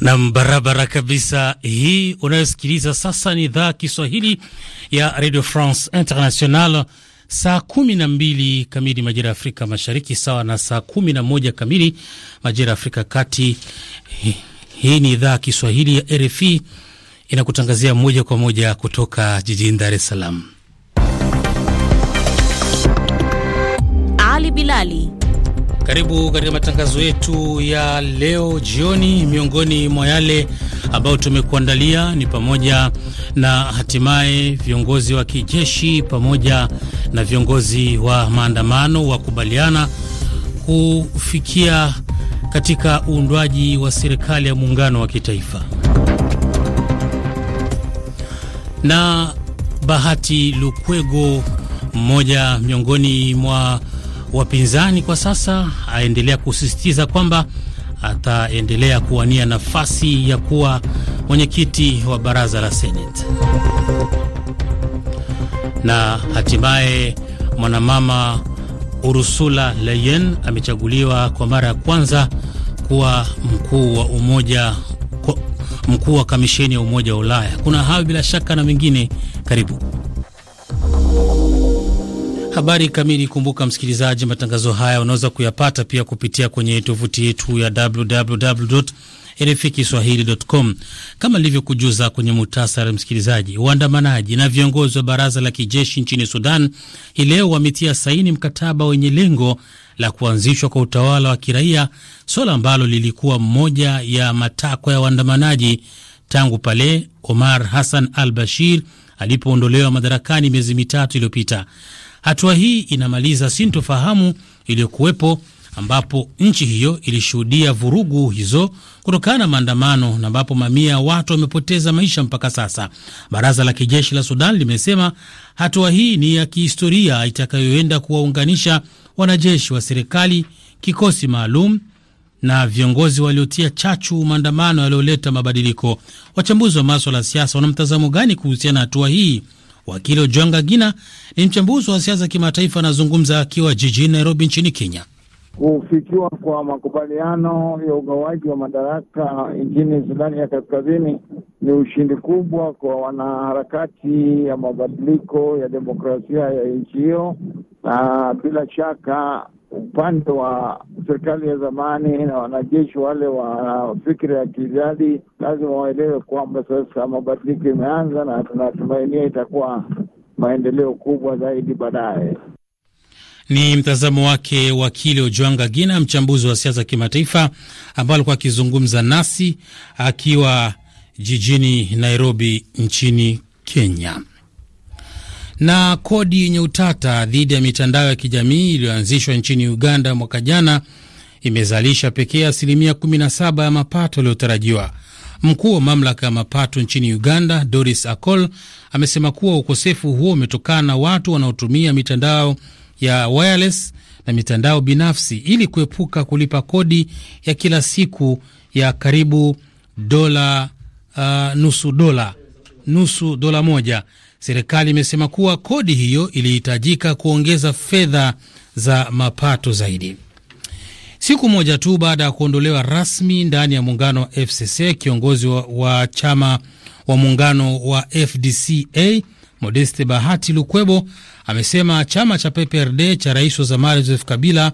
Nam, barabara kabisa. Hii unayosikiliza sasa ni idhaa Kiswahili ya Radio France International. Saa kumi na mbili kamili majira ya Afrika Mashariki, sawa na saa kumi na moja kamili majira ya Afrika Kati. Hii ni idhaa Kiswahili ya RFI inakutangazia moja kwa moja kutoka jijini Dar es Salaam. Ali Bilali, karibu katika matangazo yetu ya leo jioni. Miongoni mwa yale ambayo tumekuandalia ni pamoja na hatimaye viongozi wa kijeshi pamoja na viongozi wa maandamano wakubaliana kufikia katika uundwaji wa serikali ya muungano wa kitaifa na Bahati Lukwego, mmoja miongoni mwa wapinzani kwa sasa, aendelea kusisitiza kwamba ataendelea kuwania nafasi ya kuwa mwenyekiti wa baraza la Seneti. Na hatimaye mwanamama Ursula Leyen amechaguliwa kwa mara ya kwanza kuwa mkuu wa Umoja mkuu wa kamisheni ya Umoja wa Ulaya. Kuna hayo bila shaka na mengine, karibu Habari kamili. Kumbuka msikilizaji, matangazo haya unaweza kuyapata pia kupitia kwenye tovuti yetu ya www RFI Kiswahili.com. Kama ilivyokujuza kwenye muhtasari, msikilizaji, waandamanaji na viongozi wa baraza la kijeshi nchini Sudan hii leo wametia saini mkataba wenye lengo la kuanzishwa kwa utawala wa kiraia, suala ambalo lilikuwa moja ya matakwa ya waandamanaji tangu pale Omar Hassan al Bashir alipoondolewa madarakani miezi mitatu iliyopita. Hatua hii inamaliza sintofahamu iliyokuwepo ambapo nchi hiyo ilishuhudia vurugu hizo kutokana na maandamano na ambapo mamia ya watu wamepoteza maisha mpaka sasa. Baraza la kijeshi la Sudan limesema hatua hii ni ya kihistoria itakayoenda kuwaunganisha wanajeshi wa serikali, kikosi maalum na viongozi waliotia chachu maandamano yaliyoleta mabadiliko. Wachambuzi wa maswala ya siasa wana mtazamo gani kuhusiana na hatua hii? Wakili Ojwanga Gina ni mchambuzi wa siasa kimataifa, anazungumza akiwa jijini Nairobi nchini Kenya. Kufikiwa kwa makubaliano ya ugawaji wa madaraka nchini Sudani ya Kaskazini ni ushindi kubwa kwa wanaharakati ya mabadiliko ya demokrasia ya nchi hiyo, na bila shaka upande wa serikali ya zamani na wanajeshi wale wa fikira ya kijadi lazima waelewe kwamba sasa mabadiliko imeanza, na tunatumainia itakuwa maendeleo kubwa zaidi baadaye. Ni mtazamo wake wakili Ojwanga Gina, mchambuzi wa siasa kimataifa, ambaye alikuwa akizungumza nasi akiwa jijini Nairobi nchini Kenya na kodi yenye utata dhidi ya mitandao ya kijamii iliyoanzishwa nchini Uganda mwaka jana imezalisha pekee asilimia 17 ya mapato yaliyotarajiwa. Mkuu wa mamlaka ya mapato nchini Uganda, Doris Akol, amesema kuwa ukosefu huo umetokana na watu wanaotumia mitandao ya wireless na mitandao binafsi ili kuepuka kulipa kodi ya kila siku ya karibu dola uh, nusu dola nusu dola moja Serikali imesema kuwa kodi hiyo ilihitajika kuongeza fedha za mapato zaidi. Siku moja tu baada ya kuondolewa rasmi ndani ya muungano wa FCC, kiongozi wa, wa chama wa muungano wa FDCA Modeste Bahati Lukwebo amesema chama cha PPRD cha rais wa zamani Joseph Kabila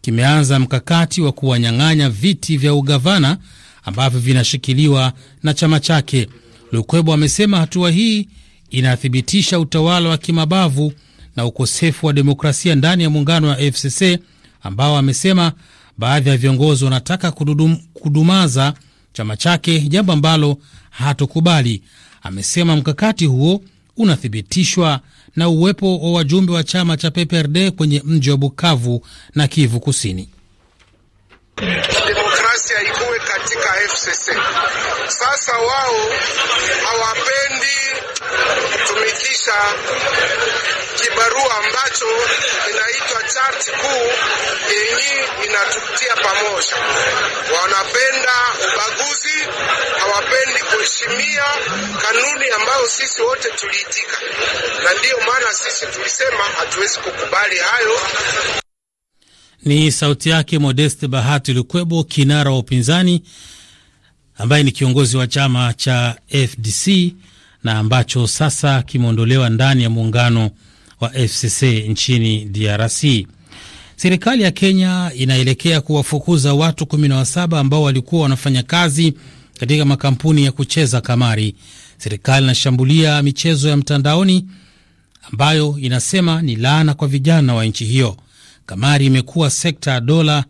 kimeanza mkakati wa kuwanyang'anya viti vya ugavana ambavyo vinashikiliwa na chama chake. Lukwebo amesema hatua hii inathibitisha utawala wa kimabavu na ukosefu wa demokrasia ndani ya muungano wa FCC ambao amesema baadhi ya viongozi wanataka kududum, kudumaza chama chake, jambo ambalo hatokubali. Amesema mkakati huo unathibitishwa na uwepo wa wajumbe wa chama cha PPRD kwenye mji wa Bukavu na Kivu Kusini katika FCC. Sasa wao hawapendi kutumikisha kibarua ambacho inaitwa chart kuu yenye inatutia pamoja. Wanapenda ubaguzi, hawapendi kuheshimia kanuni ambayo sisi wote tuliitika, na ndiyo maana sisi tulisema hatuwezi kukubali hayo. Ni sauti yake Modeste Bahati Lukwebo, kinara wa upinzani ambaye ni kiongozi wa chama cha FDC na ambacho sasa kimeondolewa ndani ya muungano wa FCC nchini DRC. Serikali ya Kenya inaelekea kuwafukuza watu 17 ambao walikuwa wanafanya kazi katika makampuni ya kucheza kamari. Serikali inashambulia michezo ya mtandaoni ambayo inasema ni laana kwa vijana wa nchi hiyo kamari imekuwa sekta ya dola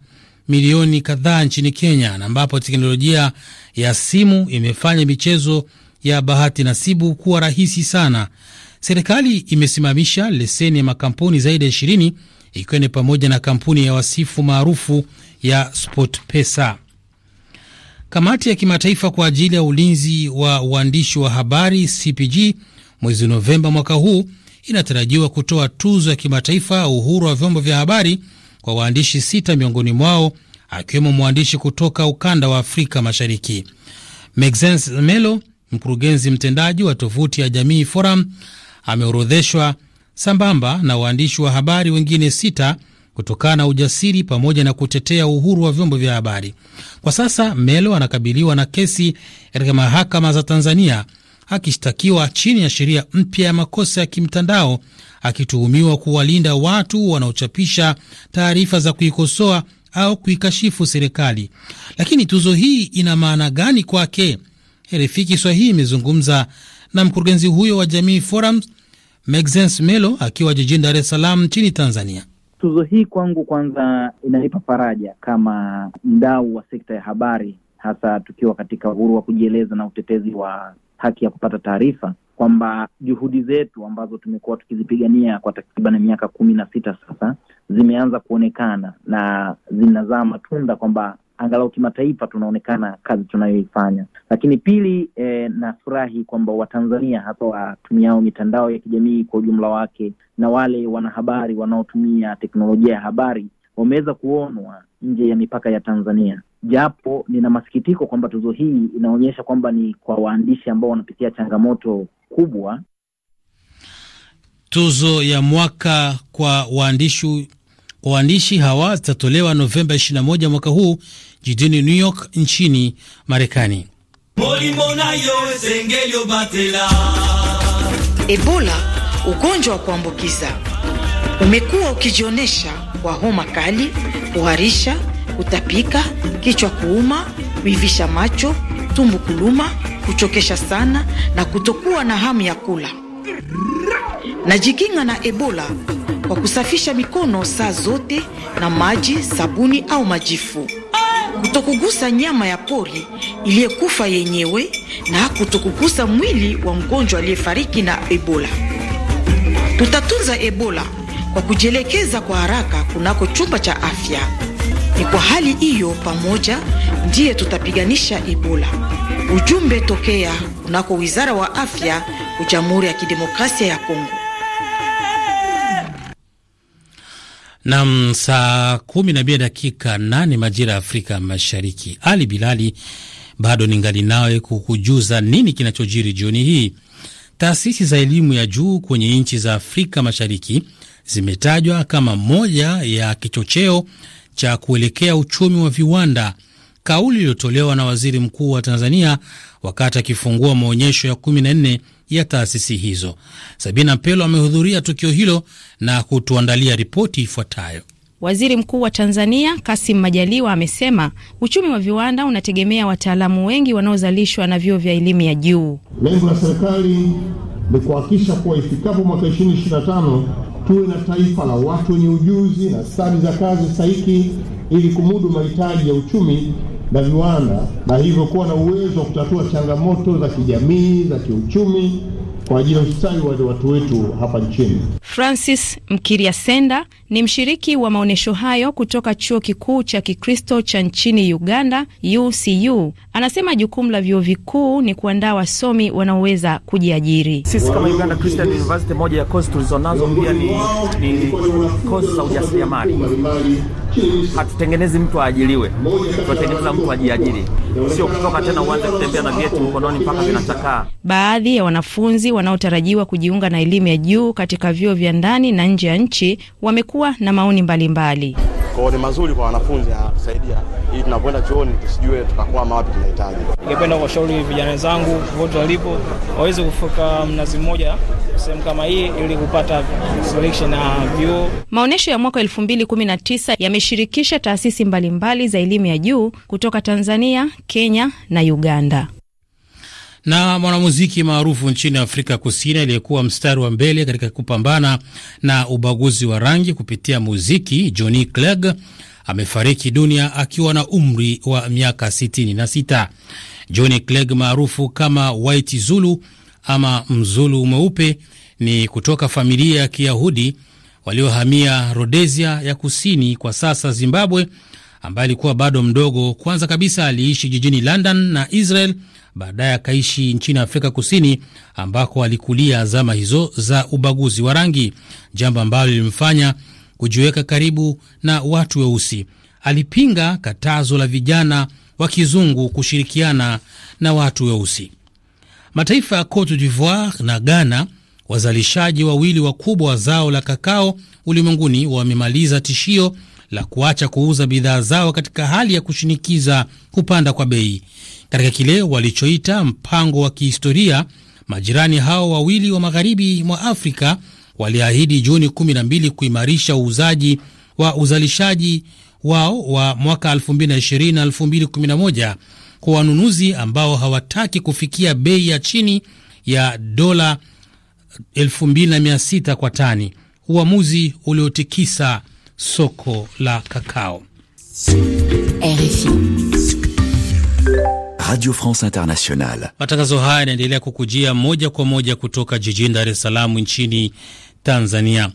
milioni kadhaa nchini Kenya, na ambapo teknolojia ya simu imefanya michezo ya bahati nasibu kuwa rahisi sana. Serikali imesimamisha leseni ya makampuni zaidi ya ishirini ikiwa ni pamoja na kampuni ya wasifu maarufu ya SportPesa. Kamati ya kimataifa kwa ajili ya ulinzi wa uandishi wa habari CPG mwezi Novemba mwaka huu inatarajiwa kutoa tuzo ya kimataifa ya uhuru wa vyombo vya habari kwa waandishi sita, miongoni mwao akiwemo mwandishi kutoka ukanda wa Afrika Mashariki. Maxence Melo, mkurugenzi mtendaji wa tovuti ya Jamii Forum, ameorodheshwa sambamba na waandishi wa habari wengine sita kutokana na ujasiri pamoja na kutetea uhuru wa vyombo vya habari. Kwa sasa Melo anakabiliwa na kesi katika mahakama za Tanzania akishtakiwa chini ya sheria mpya ya makosa ya kimtandao akituhumiwa kuwalinda watu wanaochapisha taarifa za kuikosoa au kuikashifu serikali. Lakini tuzo hii ina maana gani kwake? RFI Kiswahili imezungumza na mkurugenzi huyo wa Jamii Forums Maxence Melo akiwa jijini Dar es Salaam nchini Tanzania. Tuzo hii kwangu, kwanza inanipa faraja kama mdau wa sekta ya habari, hasa tukiwa katika uhuru wa kujieleza na utetezi wa haki ya kupata taarifa kwamba juhudi zetu ambazo tumekuwa tukizipigania kwa takriban miaka kumi na sita sasa zimeanza kuonekana na zinazaa matunda kwamba angalau kimataifa tunaonekana kazi tunayoifanya. Lakini pili, e, nafurahi kwamba Watanzania hasa watumiao mitandao ya kijamii kwa ujumla wake na wale wanahabari wanaotumia teknolojia ya habari wameweza kuonwa nje ya mipaka ya Tanzania japo nina masikitiko kwamba tuzo hii inaonyesha kwamba ni kwa waandishi ambao wanapitia changamoto kubwa. Tuzo ya mwaka kwa waandishi kwa waandishi hawa zitatolewa Novemba 21 mwaka huu jijini New York nchini Marekani. Ebola, ugonjwa wa kuambukiza umekuwa ukijionyesha kwa homa kali, kuharisha kutapika kichwa kuuma, kuivisha macho, tumbo kuluma, kuchokesha sana na kutokuwa na hamu ya kula. Najikinga na Ebola kwa kusafisha mikono saa zote na maji, sabuni au majifu, kutokugusa nyama ya pori iliyekufa yenyewe na kutokugusa mwili wa mgonjwa aliyefariki na Ebola. Tutatunza Ebola kwa kujielekeza kwa haraka kunako chumba cha afya. Ni kwa hali hiyo pamoja ndiye tutapiganisha Ebola. Ujumbe tokea kunako Wizara wa Afya Jamhuri ya Kidemokrasia ya Kongo. Nam, saa kumi na mbili dakika nane majira ya Afrika Mashariki. Ali Bilali bado ningali nawe kukujuza nini kinachojiri jioni hii. Taasisi za elimu ya juu kwenye nchi za Afrika Mashariki zimetajwa kama moja ya kichocheo cha kuelekea uchumi wa viwanda, kauli iliyotolewa na waziri mkuu wa Tanzania wakati akifungua maonyesho ya 14 ya taasisi hizo. Sabina Pelo amehudhuria tukio hilo na kutuandalia ripoti ifuatayo. Waziri Mkuu wa Tanzania Kasim Majaliwa amesema uchumi wa viwanda unategemea wataalamu wengi wanaozalishwa na vyuo vya elimu ya juu. Lengo la serikali ni kuhakikisha kuwa ifikapo mwaka tuwe na taifa la watu wenye ujuzi na stadi za kazi stahiki ili kumudu mahitaji ya uchumi na viwanda na hivyo kuwa na uwezo wa kutatua changamoto za kijamii, za kiuchumi kwa ajili ya ustawi wa watu wetu hapa nchini. Francis Mkiria Senda ni mshiriki wa maonyesho hayo kutoka Chuo Kikuu cha Kikristo cha nchini Uganda, UCU. Anasema jukumu la vyuo vikuu ni kuandaa wasomi wanaoweza kujiajiri. Sisi kama Uganda Christian University, moja ya kozi tulizonazo pia ni, ni kozi za ujasiriamali. Hatutengenezi mtu aajiriwe, tunatengeneza mtu ajiajiri, sio kutoka tena uanze kutembea na vieti mkononi mpaka vinachakaa. Baadhi ya wanafunzi wanaotarajiwa kujiunga na elimu ya juu katika vyuo vya ndani na nje ya nchi wamekuwa na maoni mbalimbali. Kwao ni mazuri kwa wanafunzi, anatusaidia ili tunapoenda chuoni tusijue tutakwama wapi. Tunahitaji, ningependa kuwashauri vijana wenzangu wote walipo waweze kufika mnazi mmoja sehemu kama hii ili kupata selection na vyuo. Maonyesho ya mwaka 2019 yameshirikisha taasisi mbalimbali za elimu ya juu kutoka Tanzania, Kenya na Uganda. Na mwanamuziki maarufu nchini Afrika Kusini aliyekuwa mstari wa mbele katika kupambana na ubaguzi wa rangi kupitia muziki, Johnny Clegg amefariki dunia akiwa na umri wa miaka 66. Johnny Clegg maarufu kama White Zulu ama Mzulu mweupe ni kutoka familia ya Kiyahudi waliohamia Rhodesia ya Kusini, kwa sasa Zimbabwe, ambaye alikuwa bado mdogo. Kwanza kabisa aliishi jijini London na Israel baadaye akaishi nchini Afrika Kusini ambako alikulia zama hizo za ubaguzi wa rangi, jambo ambalo lilimfanya kujiweka karibu na watu weusi. Alipinga katazo la vijana wa kizungu kushirikiana na watu weusi. Mataifa ya Cote d'Ivoire na Ghana, wazalishaji wawili wakubwa wa zao la kakao ulimwenguni, wamemaliza tishio la kuacha kuuza bidhaa zao katika hali ya kushinikiza kupanda kwa bei. Katika kile walichoita mpango wa kihistoria, majirani hao wawili wa magharibi mwa Afrika waliahidi Juni 12 kuimarisha uuzaji wa uzalishaji wao wa mwaka 2020 2011 kwa wanunuzi ambao hawataki kufikia bei ya chini ya dola 2600 kwa tani, uamuzi uliotikisa soko la kakao. RFI Radio France Internationale. Matangazo haya yanaendelea kukujia moja kwa moja kutoka jijini Dar es Salaam nchini Tanzania.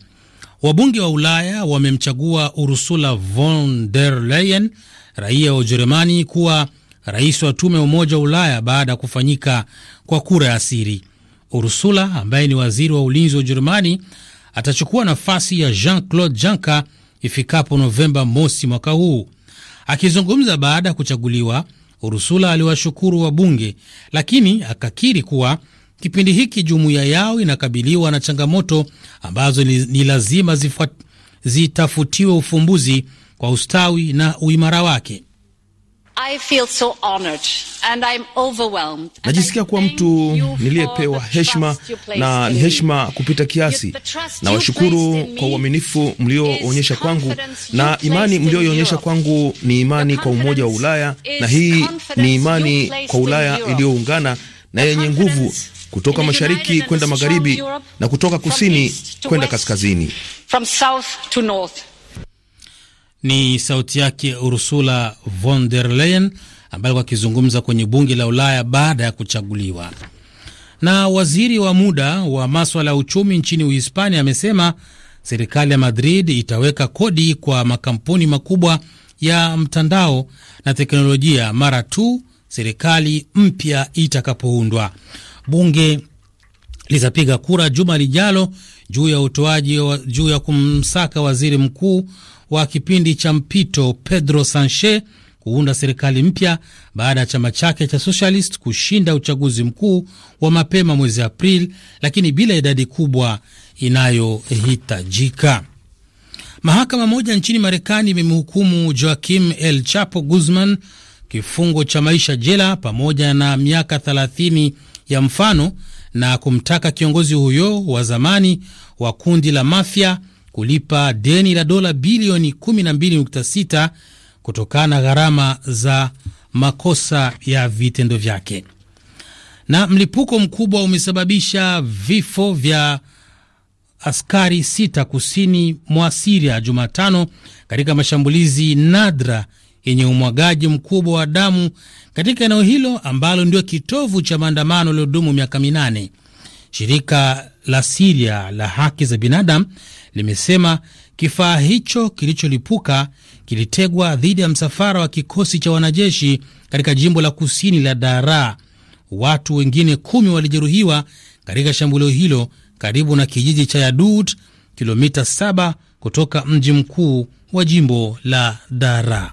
Wabunge wa Ulaya wamemchagua Ursula von der Leyen, raia wa Ujerumani, kuwa rais wa tume ya Umoja wa Ulaya baada ya kufanyika kwa kura ya siri. Ursula ambaye ni waziri wa ulinzi wa Ujerumani atachukua nafasi ya Jean Claude Juncker ifikapo Novemba mosi mwaka huu. Akizungumza baada ya kuchaguliwa, Ursula aliwashukuru wabunge, lakini akakiri kuwa kipindi hiki jumuiya yao inakabiliwa na changamoto ambazo ni lazima zitafutiwe ufumbuzi kwa ustawi na uimara wake. Najisikia kuwa mtu niliyepewa heshima na ni heshima kupita kiasi. Nawashukuru kwa uaminifu mlioonyesha kwangu na imani mlioonyesha kwangu. Ni imani kwa umoja wa Ulaya, na hii ni imani kwa Ulaya iliyoungana na yenye nguvu kutoka mashariki kwenda magharibi na kutoka kusini kwenda kaskazini. From south to north. Ni sauti yake Ursula von der Leyen ambaye alikuwa akizungumza kwenye bunge la Ulaya baada ya kuchaguliwa. Na waziri wa muda wa maswala ya uchumi nchini Uhispania amesema serikali ya Madrid itaweka kodi kwa makampuni makubwa ya mtandao na teknolojia mara tu serikali mpya itakapoundwa. Bunge litapiga kura juma lijalo juu ya utoaji juu ya kumsaka waziri mkuu wa kipindi cha mpito Pedro Sanchez kuunda serikali mpya baada ya chama chake cha Socialist kushinda uchaguzi mkuu wa mapema mwezi april lakini bila idadi kubwa inayohitajika. Mahakama moja nchini Marekani imemhukumu Joaquim El Chapo Guzman kifungo cha maisha jela pamoja na miaka 30 ya mfano na kumtaka kiongozi huyo wa zamani wa kundi la mafia kulipa deni la dola bilioni 12.6 kutokana na gharama za makosa ya vitendo vyake. Na mlipuko mkubwa umesababisha vifo vya askari sita kusini mwa Siria Jumatano katika mashambulizi nadra yenye umwagaji mkubwa wa damu katika eneo hilo ambalo ndio kitovu cha maandamano yaliyodumu miaka minane. Shirika la Siria la haki za binadamu limesema kifaa hicho kilicholipuka kilitegwa dhidi ya msafara wa kikosi cha wanajeshi katika jimbo la kusini la dara Watu wengine kumi walijeruhiwa katika shambulio hilo karibu na kijiji cha Yadut, kilomita 7 kutoka mji mkuu wa jimbo la dara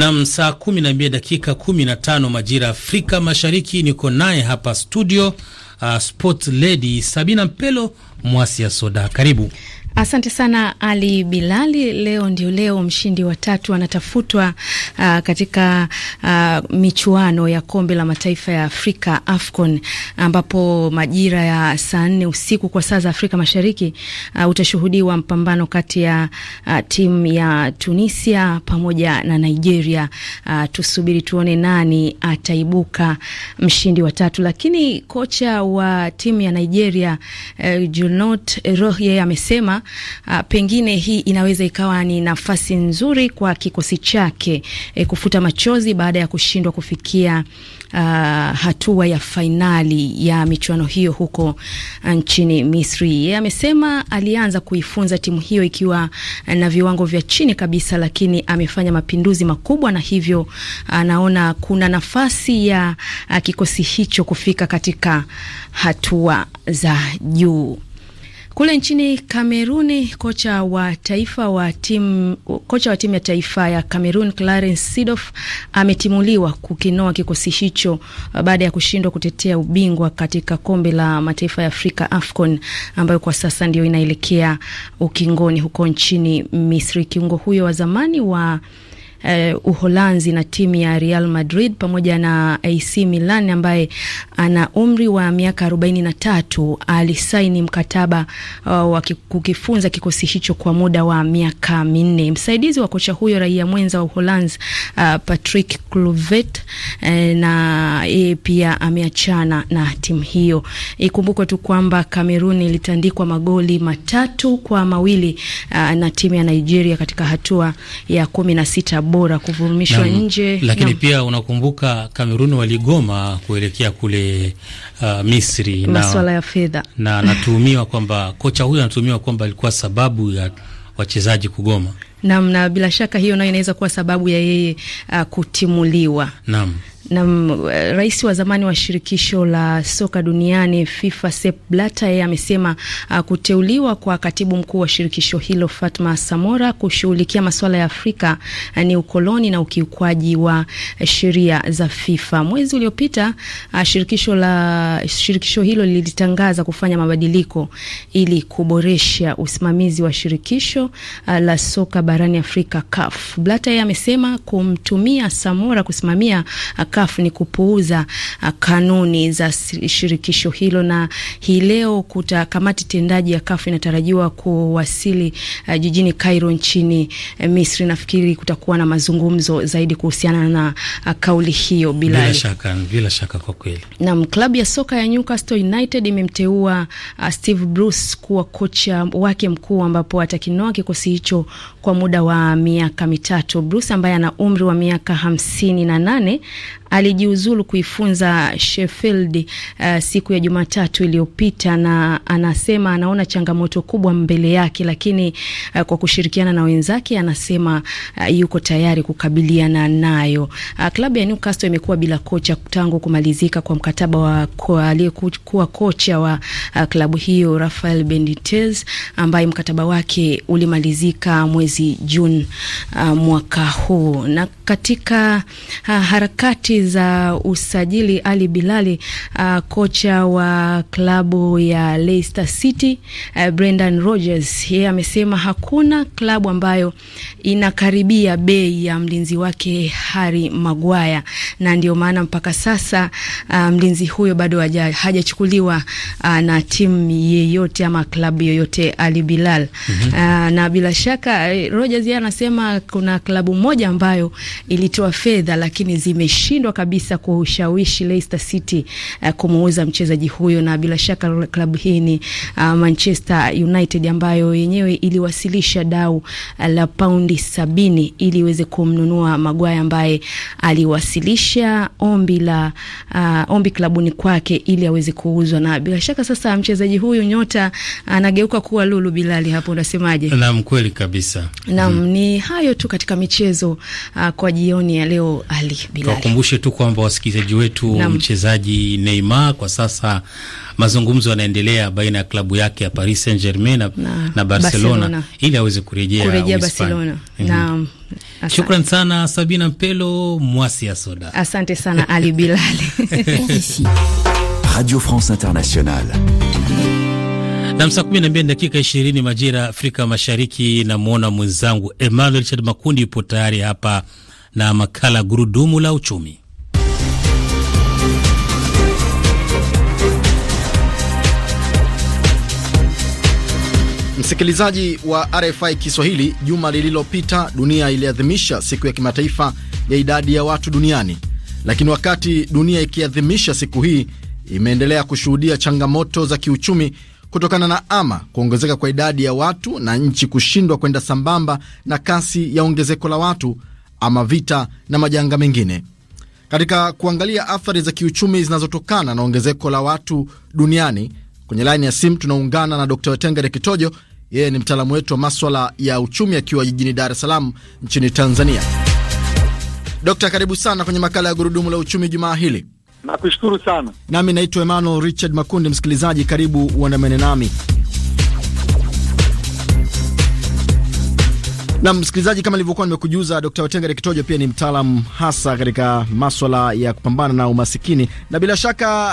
Nam, saa 12 dakika 15 majira ya Afrika Mashariki. Niko naye hapa studio uh, sport lady Sabina Mpelo mwasi ya Soda, karibu. Asante sana Ali Bilali. Leo ndio leo mshindi wa tatu anatafutwa uh, katika uh, michuano ya kombe la mataifa ya Afrika AFCON, ambapo majira ya saa nne usiku kwa saa za Afrika Mashariki uh, utashuhudiwa mpambano kati ya uh, timu ya Tunisia pamoja na Nigeria. Uh, tusubiri tuone nani ataibuka mshindi wa tatu, lakini kocha wa timu ya Nigeria uh, Junot Rohye amesema a, ah, pengine hii inaweza ikawa ni nafasi nzuri kwa kikosi chake e, kufuta machozi baada ya kushindwa kufikia a, ah, hatua ya fainali ya michuano hiyo huko ah, nchini Misri. Yeye amesema alianza kuifunza timu hiyo ikiwa na viwango vya chini kabisa, lakini amefanya mapinduzi makubwa na hivyo anaona kuna nafasi ya a, kikosi hicho kufika katika hatua za juu. Kule nchini Kameruni, kocha wa taifa wa timu kocha wa timu ya taifa ya Kamerun Clarence sidof ametimuliwa kukinoa kikosi hicho uh, baada ya kushindwa kutetea ubingwa katika kombe la mataifa ya Afrika AFCON, ambayo kwa sasa ndio inaelekea ukingoni huko nchini Misri. Kiungo huyo wa zamani wa eh, Uholanzi na timu ya Real Madrid pamoja na AC Milan ambaye ana umri wa miaka 43 alisaini mkataba uh, wa kukifunza kikosi hicho kwa muda wa miaka minne. Msaidizi wa kocha huyo raia mwenza wa Uholanzi uh, Patrick Kluivert eh, na yeye pia ameachana na timu hiyo. Ikumbukwe tu kwamba Kamerun ilitandikwa magoli matatu kwa mawili uh, na timu ya Nigeria katika hatua ya kumi na sita bora kuvurumishwa nje. Lakini na, pia unakumbuka Kameruni waligoma kuelekea kule uh, Misri masuala ya fedha na anatuhumiwa kwamba kocha huyo anatuhumiwa kwamba alikuwa sababu ya wachezaji kugoma. Naam, na bila shaka hiyo nayo inaweza kuwa sababu ya yeye uh, kutimuliwa. Naam. Na mm, eh, rais wa zamani wa shirikisho la soka duniani FIFA Sepp Blatter yeye amesema uh, kuteuliwa kwa katibu mkuu wa shirikisho hilo Fatma Samora kushughulikia masuala ya Afrika uh, ni ukoloni na ukiukwaji wa eh, sheria za FIFA. Mwezi uliopita uh, shirikisho la shirikisho hilo lilitangaza kufanya mabadiliko ili kuboresha usimamizi wa shirikisho uh, la soka barani Afrika CAF. Blatter yeye amesema kumtumia Samora kusimamia uh, CAF ni kupuuza uh, kanuni za shirikisho hilo, na hii leo kuta kamati tendaji ya CAF inatarajiwa kuwasili uh, jijini Cairo nchini uh, Misri. Nafikiri kutakuwa na mazungumzo zaidi kuhusiana na uh, kauli hiyo bila, bila shaka, bila shaka kwa kweli. Na klabu ya soka ya Newcastle United imemteua uh, Steve Bruce kuwa kocha wake mkuu ambapo atakinoa kikosi hicho kwa muda wa miaka mitatu. Bruce ambaye ana umri wa miaka hamsini na nane alijiuzulu kuifunza Sheffield uh, siku ya Jumatatu iliyopita, na anasema anaona changamoto kubwa mbele yake, lakini uh, kwa kushirikiana na wenzake anasema uh, yuko tayari kukabiliana nayo. Uh, klabu ya Newcastle imekuwa bila kocha tangu kumalizika kwa mkataba wa aliyekuwa kocha wa uh, klabu hiyo Rafael Benitez ambaye mkataba wake ulimalizika mwezi Juni uh, mwaka huu. Na katika uh, harakati za usajili Ali Bilali, uh, kocha wa klabu ya Leicester City uh, Brendan Rodgers yeye amesema hakuna klabu ambayo inakaribia bei ya mlinzi wake Harry Maguire, na ndio maana mpaka sasa uh, mlinzi huyo bado hajachukuliwa uh, na timu yeyote ama klabu yoyote Ali Bilal. mm -hmm. Uh, na bila shaka eh, Rodgers yeye anasema kuna klabu moja ambayo ilitoa fedha lakini zimeshindwa kushindwa kabisa kushawishi Leicester City uh, kumuuza mchezaji huyo, na bila shaka klabu hii ni uh, Manchester United ambayo yenyewe iliwasilisha dau uh, la paundi sabini ili iweze kumnunua Maguire ambaye aliwasilisha ombi la uh, ombi klabuni kwake ili aweze kuuzwa, na bila shaka sasa mchezaji huyu nyota anageuka uh, kuwa lulu. Bilali, hapo unasemaje? Naam, kweli kabisa. Naam, hmm. Ni hayo tu katika michezo uh, kwa jioni ya leo. Ali Bilali, tu kwamba wasikilizaji wetu, mchezaji Neymar kwa sasa mazungumzo yanaendelea baina ya klabu yake ya Paris Saint-Germain na, na Barcelona, Barcelona, ili aweze kurejea kurejea Barcelona. Mhm. Naam. Shukran sana Sabina Mpelo mwasi ya soda. Asante sana Ali Bilali. Radio France Internationale. Na saa kumi na mbili dakika ishirini majira Afrika Mashariki, namwona mwenzangu Emmanuel Chad Makundi yupo tayari hapa na makala gurudumu la uchumi. Msikilizaji wa RFI Kiswahili, juma lililopita dunia iliadhimisha siku ya kimataifa ya idadi ya watu duniani, lakini wakati dunia ikiadhimisha siku hii imeendelea kushuhudia changamoto za kiuchumi kutokana na ama kuongezeka kwa idadi ya watu na nchi kushindwa kwenda sambamba na kasi ya ongezeko la watu ama vita na majanga mengine. Katika kuangalia athari za kiuchumi zinazotokana na ongezeko la watu duniani, kwenye laini ya simu tunaungana na Dr. Tengere Kitojo yeye ni mtaalamu wetu wa maswala ya uchumi akiwa jijini Dar es Salaam nchini Tanzania. Dokta, karibu sana kwenye makala ya gurudumu la uchumi jumaa hili. Nakushukuru sana. Nami naitwa Emmanuel Richard Makundi. Msikilizaji, karibu uandamene nami na msikilizaji, kama nilivyokuwa nimekujuza, Dkt Wetengere Kitojo pia ni mtaalamu hasa katika maswala ya kupambana na umasikini, na bila shaka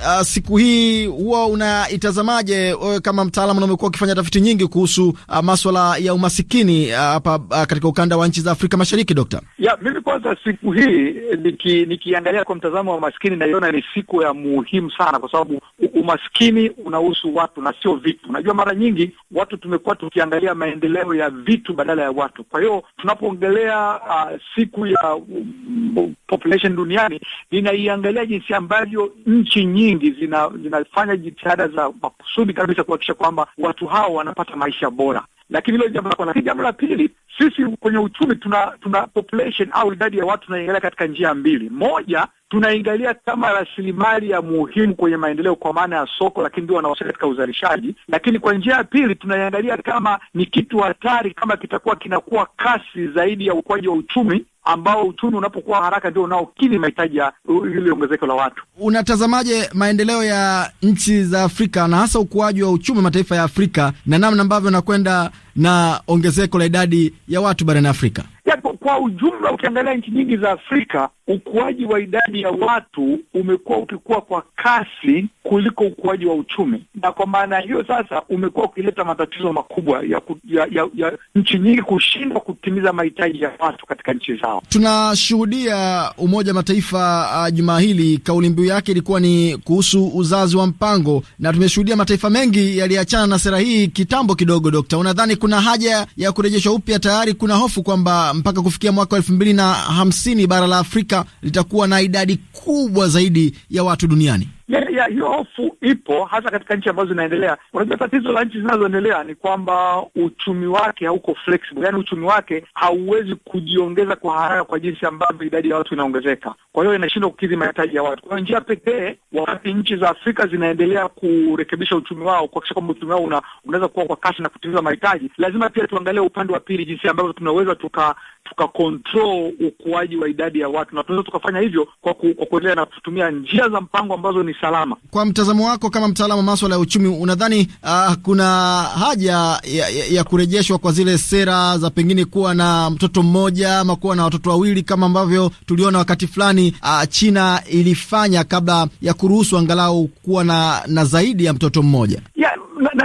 uh, siku hii huwa unaitazamaje kama mtaalamu na umekuwa ukifanya tafiti nyingi kuhusu uh, maswala ya umasikini ah, hapa uh, uh, katika ukanda wa nchi za Afrika Mashariki, Dokta? Ya, mimi kwanza siku hii eh, niki, nikiangalia kwa mtazamo wa umasikini naiona ni siku ya muhimu sana, kwa sababu umaskini unahusu watu na sio vitu. Unajua, mara nyingi watu tumekuwa tukiangalia maendeleo ya vitu badala ya watu. Kwa hiyo tunapoongelea uh, siku ya um, population duniani ninaiangalia jinsi ambavyo nchi nyingi nyingi zina, zinafanya jitihada za makusudi kabisa kuhakikisha kwamba watu hao wanapata maisha bora, lakini hilo jambo la kwanza. Lakini jambo la pili, sisi kwenye uchumi tuna, tuna population au idadi ya watu tunaengelea katika njia mbili. Moja tunaingalia kama rasilimali ya muhimu kwenye maendeleo kwa maana ya soko, lakini ndio wanahusika katika uzalishaji. Lakini kwa njia ya pili, tunaiangalia kama ni kitu hatari, kama kitakuwa kinakuwa kasi zaidi ya ukuaji wa uchumi ambao uchumi unapokuwa haraka ndio unaokidhi mahitaji ya ile ongezeko la watu. Unatazamaje maendeleo ya nchi za Afrika na hasa ukuaji wa uchumi mataifa ya Afrika na namna ambavyo nakwenda na ongezeko la idadi ya watu barani Afrika? Ya, kwa ujumla ukiangalia nchi nyingi za Afrika ukuaji wa idadi ya watu umekuwa ukikua kwa kasi kuliko ukuaji wa uchumi, na kwa maana hiyo sasa umekuwa ukileta matatizo makubwa ya, ku, ya, ya, ya nchi nyingi kushindwa kutimiza mahitaji ya watu katika nchi zao. Tunashuhudia Umoja Mataifa uh, jumaa hili kauli mbiu yake ilikuwa ni kuhusu uzazi wa mpango, na tumeshuhudia mataifa mengi yaliachana na sera hii kitambo kidogo. Dokta, unadhani kuna haja ya kurejeshwa upya? Tayari kuna hofu kwamba mpaka kufikia mwaka wa elfu mbili na hamsini bara la Afrika hakika litakuwa na idadi kubwa zaidi ya watu duniani. Yeah, yeah, hiyo hofu ipo hasa katika nchi ambazo zinaendelea. Unajua, tatizo la nchi zinazoendelea ni kwamba uchumi wake hauko flexible, yaani uchumi wake hauwezi kujiongeza kwa haraka kwa jinsi ambavyo idadi ya watu inaongezeka, kwa hiyo inashindwa kukidhi mahitaji ya watu. Kwa hiyo njia pekee, wakati nchi za Afrika zinaendelea kurekebisha uchumi wao, kuhakikisha kwamba uchumi wao una, unaweza kuwa kwa kasi na kutimiza mahitaji, lazima pia tuangalie upande wa pili, jinsi ambavyo tunaweza tuka tukakontrol ukuaji wa idadi ya watu, na tunaweza tukafanya hivyo kwa kuendelea na kutumia njia za mpango ambazo ni salama. Kwa mtazamo wako kama mtaalamu wa maswala ya uchumi, unadhani uh, kuna haja ya, ya, ya kurejeshwa kwa zile sera za pengine kuwa na mtoto mmoja ama kuwa na watoto wawili kama ambavyo tuliona wakati fulani uh, China ilifanya kabla ya kuruhusu angalau kuwa na, na zaidi ya mtoto mmoja yeah.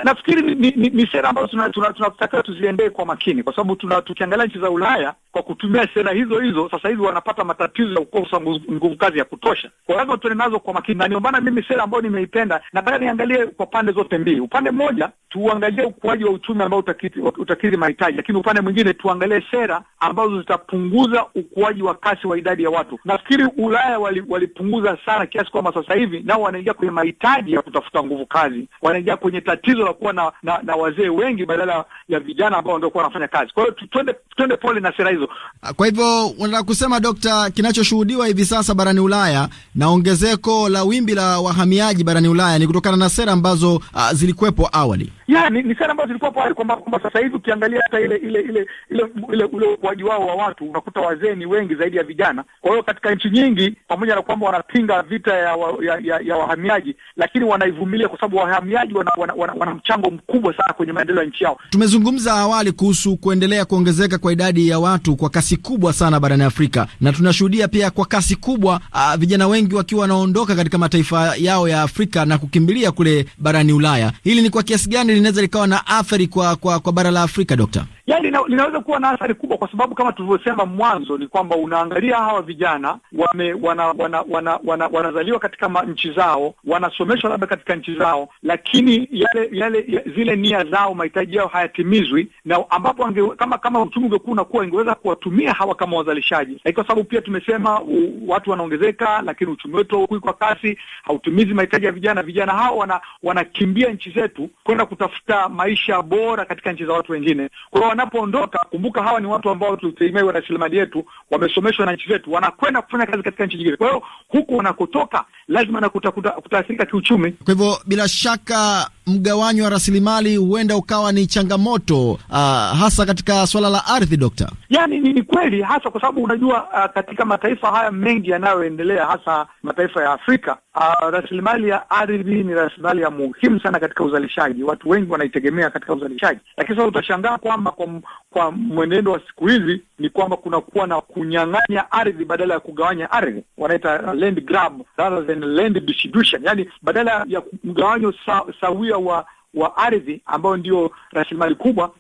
Nafikiri na, na ni, ni, ni sera ambazo tunatakiwa tuna, tuna, tuziendee kwa makini, kwa sababu tukiangalia nchi za Ulaya kwa kutumia sera hizo hizo, sasa hivi wanapata matatizo ya kukosa nguvu kazi ya kutosha. Kwa lazima tuende nazo kwa makini, na ndio maana mimi sera ambayo nimeipenda nataka niangalie kwa pande zote mbili. Upande mmoja tuangalie ukuaji wa uchumi ambao utakidhi mahitaji, lakini upande mwingine tuangalie sera ambazo zitapunguza ukuaji wa kasi wa idadi ya watu. Nafikiri Ulaya walipunguza wali sana kiasi kwamba sasa hivi nao wanaingia kwenye mahitaji ya kutafuta nguvu kazi, wanaingia kwenye tatizo la kuwa na, na, na wazee wengi badala ya vijana ambao ndio kuwa wanafanya kazi. Kwa hiyo tuende pole na sera hizo hizo. Kwa hivyo unataka kusema Dokta, kinachoshuhudiwa hivi sasa barani Ulaya na ongezeko la wimbi la wahamiaji barani Ulaya ni kutokana na sera ambazo uh, zilikuwepo awali ya, ni, ni sera ambazo zilikuwepo awali kwamba kwamba sasa hivi ukiangalia hata ile ile ile ile ule ule ukuaji wao wa watu unakuta wazee ni wengi zaidi ya vijana. Kwa hiyo katika nchi nyingi, pamoja na kwamba wanapinga vita ya, wa, ya, ya, ya wahamiaji, lakini wanaivumilia kwa sababu wahamiaji wana, wana, wana, wana mchango mkubwa sana kwenye maendeleo ya nchi yao. Tumezungumza awali kuhusu kuendelea kuongezeka kwa idadi ya watu kwa kasi kubwa sana barani Afrika, na tunashuhudia pia kwa kasi kubwa uh, vijana wengi wakiwa wanaondoka katika mataifa yao ya Afrika na kukimbilia kule barani Ulaya. Hili ni kwa kiasi gani linaweza likawa na athari kwa, kwa, kwa bara la Afrika, Dokta? yani lina, linaweza kuwa na athari kubwa, kwa sababu kama tulivyosema mwanzo ni kwamba unaangalia hawa vijana wame, wana, wana, wana, wana, wanazaliwa katika nchi zao, wanasomeshwa labda katika nchi zao, lakini yale yale zile nia zao, mahitaji yao hayatimizwi, na ambapo ange, kama kama uchumi ungekuwa unakuwa ingeweza kuwatumia hawa kama wazalishaji, lakini kwa sababu pia tumesema u, watu wanaongezeka, lakini uchumi wetu haukui kwa kasi, hautimizi mahitaji ya vijana. Vijana hao wana, wanakimbia nchi zetu kwenda kutafuta maisha bora katika nchi za watu wengine, kwa hiyo wanapoondoka, kumbuka hawa ni watu ambao tulitegemea rasilimali yetu, wamesomeshwa na nchi zetu, wanakwenda kufanya kazi katika nchi nyingine. Kwa hiyo huku wanakotoka lazima na kutaathirika kiuchumi. Kwa hivyo bila shaka mgawanyo wa rasilimali huenda ukawa ni changamoto uh, hasa katika swala la ardhi dokta? Yani ni kweli hasa kwa sababu unajua, uh, katika mataifa haya mengi yanayoendelea hasa mataifa ya Afrika uh, rasilimali ya ardhi ni rasilimali ya muhimu sana katika uzalishaji, watu wengi wanaitegemea katika uzalishaji, lakini sasa utashangaa kwamba kwa kwa mwenendo wa siku hizi ni kwamba kunakuwa na kunyang'anya ardhi badala ya kugawanya ardhi, wanaita land grab rather than land distribution, yani badala ya mgawanyo sa, sawia wa wa ardhi ambao ndio rasilimali kubwa.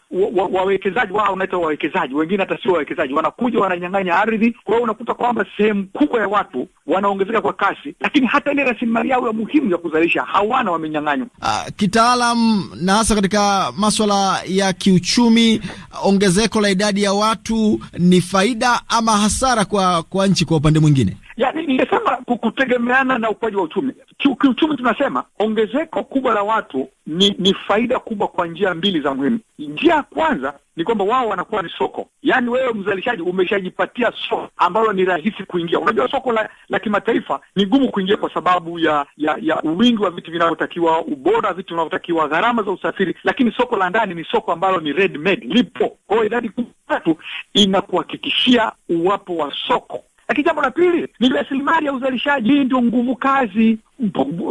Wawekezaji wao unaita wawekezaji, wengine hata sio wawekezaji, wanakuja wananyang'anya ardhi. Kwa hiyo unakuta kwamba sehemu kubwa ya watu wanaongezeka kwa kasi, lakini hata ile rasilimali yao ya muhimu ya kuzalisha hawana, wamenyang'anywa. Uh, kitaalam na hasa katika maswala ya kiuchumi, ongezeko la idadi ya watu ni faida ama hasara kwa, kwa nchi kwa upande mwingine? Yani ningesema kutegemeana na ukuaji wa uchumi. Kiuchumi tunasema ongezeko kubwa la watu ni, ni faida kubwa kwa njia mbili za muhimu. Njia ya kwanza ni kwamba wao wanakuwa ni soko, yaani wewe mzalishaji umeshajipatia soko ambalo ni rahisi kuingia. Unajua soko la, la kimataifa ni gumu kuingia kwa sababu ya ya, ya wingi wa vitu vinavyotakiwa, ubora wa vitu vinavyotakiwa, gharama za usafiri, lakini soko la ndani ni soko ambalo ni ready made, lipo. kwao. idadi kubwa tatu inakuhakikishia uwapo wa soko lakini jambo la pili ni rasilimali ya uzalishaji, hii ndio nguvu kazi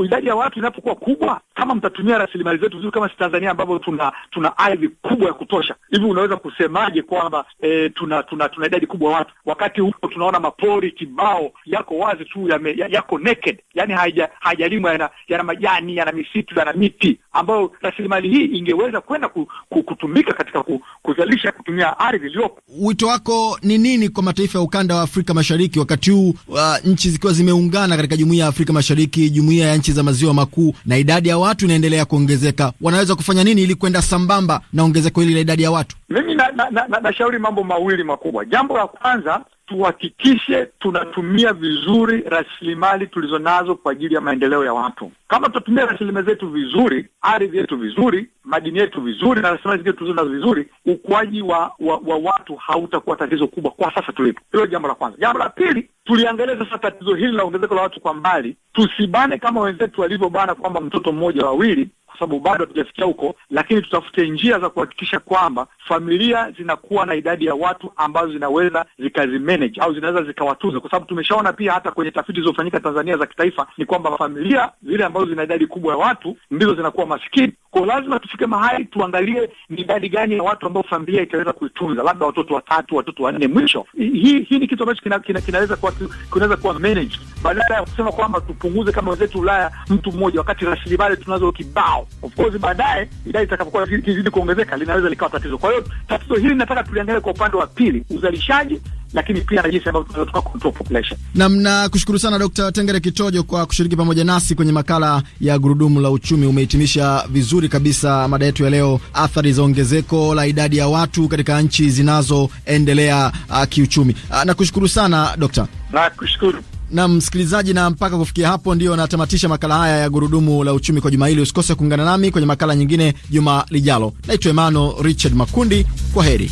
idadi ya watu inapokuwa kubwa, kama mtatumia rasilimali zetu vizuri, kama si Tanzania ambavyo tuna tuna ardhi kubwa ya kutosha, hivi unaweza kusemaje kwamba e, tuna tuna tuna idadi kubwa ya watu, wakati huko tunaona mapori kibao yako wazi tu yame, ya, yako naked, yani hajalimwa yana, yana majani, yana misitu, yana miti, ambayo rasilimali hii ingeweza kwenda ku, ku, kutumika katika ku, kuzalisha kutumia ardhi iliyopo. Wito wako ni nini kwa mataifa ya ukanda wa Afrika Mashariki wakati huu uh, nchi zikiwa zimeungana katika jumuiya ya Afrika Mashariki? jumuiya ya nchi za maziwa makuu na idadi ya watu inaendelea kuongezeka, wanaweza kufanya nini ili kwenda sambamba na ongezeko hili la idadi ya watu? Mimi nashauri na, na, na, na mambo mawili makubwa. Jambo la kwanza tuhakikishe tunatumia vizuri rasilimali tulizonazo kwa ajili ya maendeleo ya watu. Kama tutatumia rasilimali zetu vizuri, ardhi yetu vizuri, madini yetu vizuri, na rasilimali zetu tulizonazo vizuri, ukuaji wa, wa, wa watu hautakuwa tatizo kubwa kwa sasa tulipo. Hilo jambo la kwanza. Jambo la pili, tuliangalia sasa tatizo hili la ongezeko la watu kwa mbali, tusibane kama wenzetu walivyobana kwamba mtoto mmoja wawili kwa sababu bado hatujafikia huko, lakini tutafute njia za kuhakikisha kwamba familia zinakuwa na idadi ya watu ambazo zinaweza zikazimanage au zinaweza zikawatunza, kwa sababu tumeshaona pia hata kwenye tafiti zilizofanyika Tanzania za kitaifa ni kwamba familia zile ambazo zina idadi kubwa ya watu ndizo zinakuwa maskini. Kwa lazima tufike mahali tuangalie ni idadi gani ya watu ambao familia itaweza kuitunza, labda watoto watatu, watoto wanne. Mwisho hii hii ni kitu ambacho kinaweza kina, kina kuwa kinaweza kuwa manage, badala ya kusema kwamba tupunguze kama wenzetu Ulaya mtu mmoja, wakati rasilimali tunazo kibao. Of course baadaye idadi itakapokuwa kizidi kuongezeka linaweza likawa tatizo. Kwa hiyo tatizo hili nataka tuliangalie kwa upande wa pili, uzalishaji lakini pia na jinsi ambavyo tunataka population. Naam, na kushukuru sana Dr. Tengere Kitojo kwa kushiriki pamoja nasi kwenye makala ya gurudumu la uchumi. Umehitimisha vizuri kabisa mada yetu ya leo, athari za ongezeko la idadi ya watu katika nchi zinazoendelea uh, kiuchumi. Uh, na kushukuru sana Dr. Na kushukuru na msikilizaji, na mpaka kufikia hapo ndio natamatisha makala haya ya gurudumu la uchumi kwa juma hili. Usikose kuungana nami kwenye makala nyingine juma lijalo. Naitwa Emmanuel Richard Makundi, kwa heri.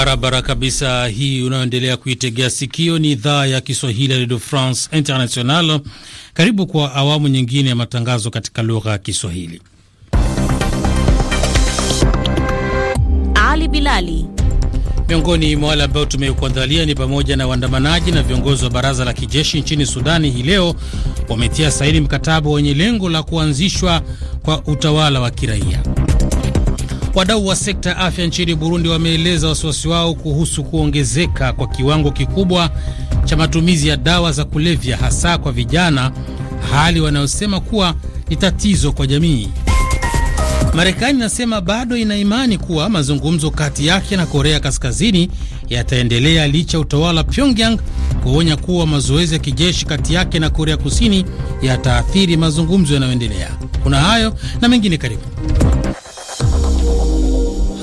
barabara kabisa hii unayoendelea kuitegea sikio ni idhaa ya Kiswahili ya redio France International. Karibu kwa awamu nyingine ya matangazo katika lugha ya Kiswahili. Ali Bilali. Miongoni mwa wale ambao tumekuandalia ni pamoja na waandamanaji na viongozi wa baraza la kijeshi nchini Sudani hii leo wametia saini mkataba wenye lengo la kuanzishwa kwa utawala wa kiraia. Wadau wa sekta ya afya nchini Burundi wameeleza wasiwasi wao kuhusu kuongezeka kwa kiwango kikubwa cha matumizi ya dawa za kulevya hasa kwa vijana, hali wanayosema kuwa ni tatizo kwa jamii. Marekani inasema bado ina imani kuwa mazungumzo kati yake na Korea Kaskazini yataendelea licha ya utawala Pyongyang kuonya kuwa mazoezi ya kijeshi kati yake na Korea Kusini yataathiri mazungumzo yanayoendelea. Kuna hayo na mengine, karibu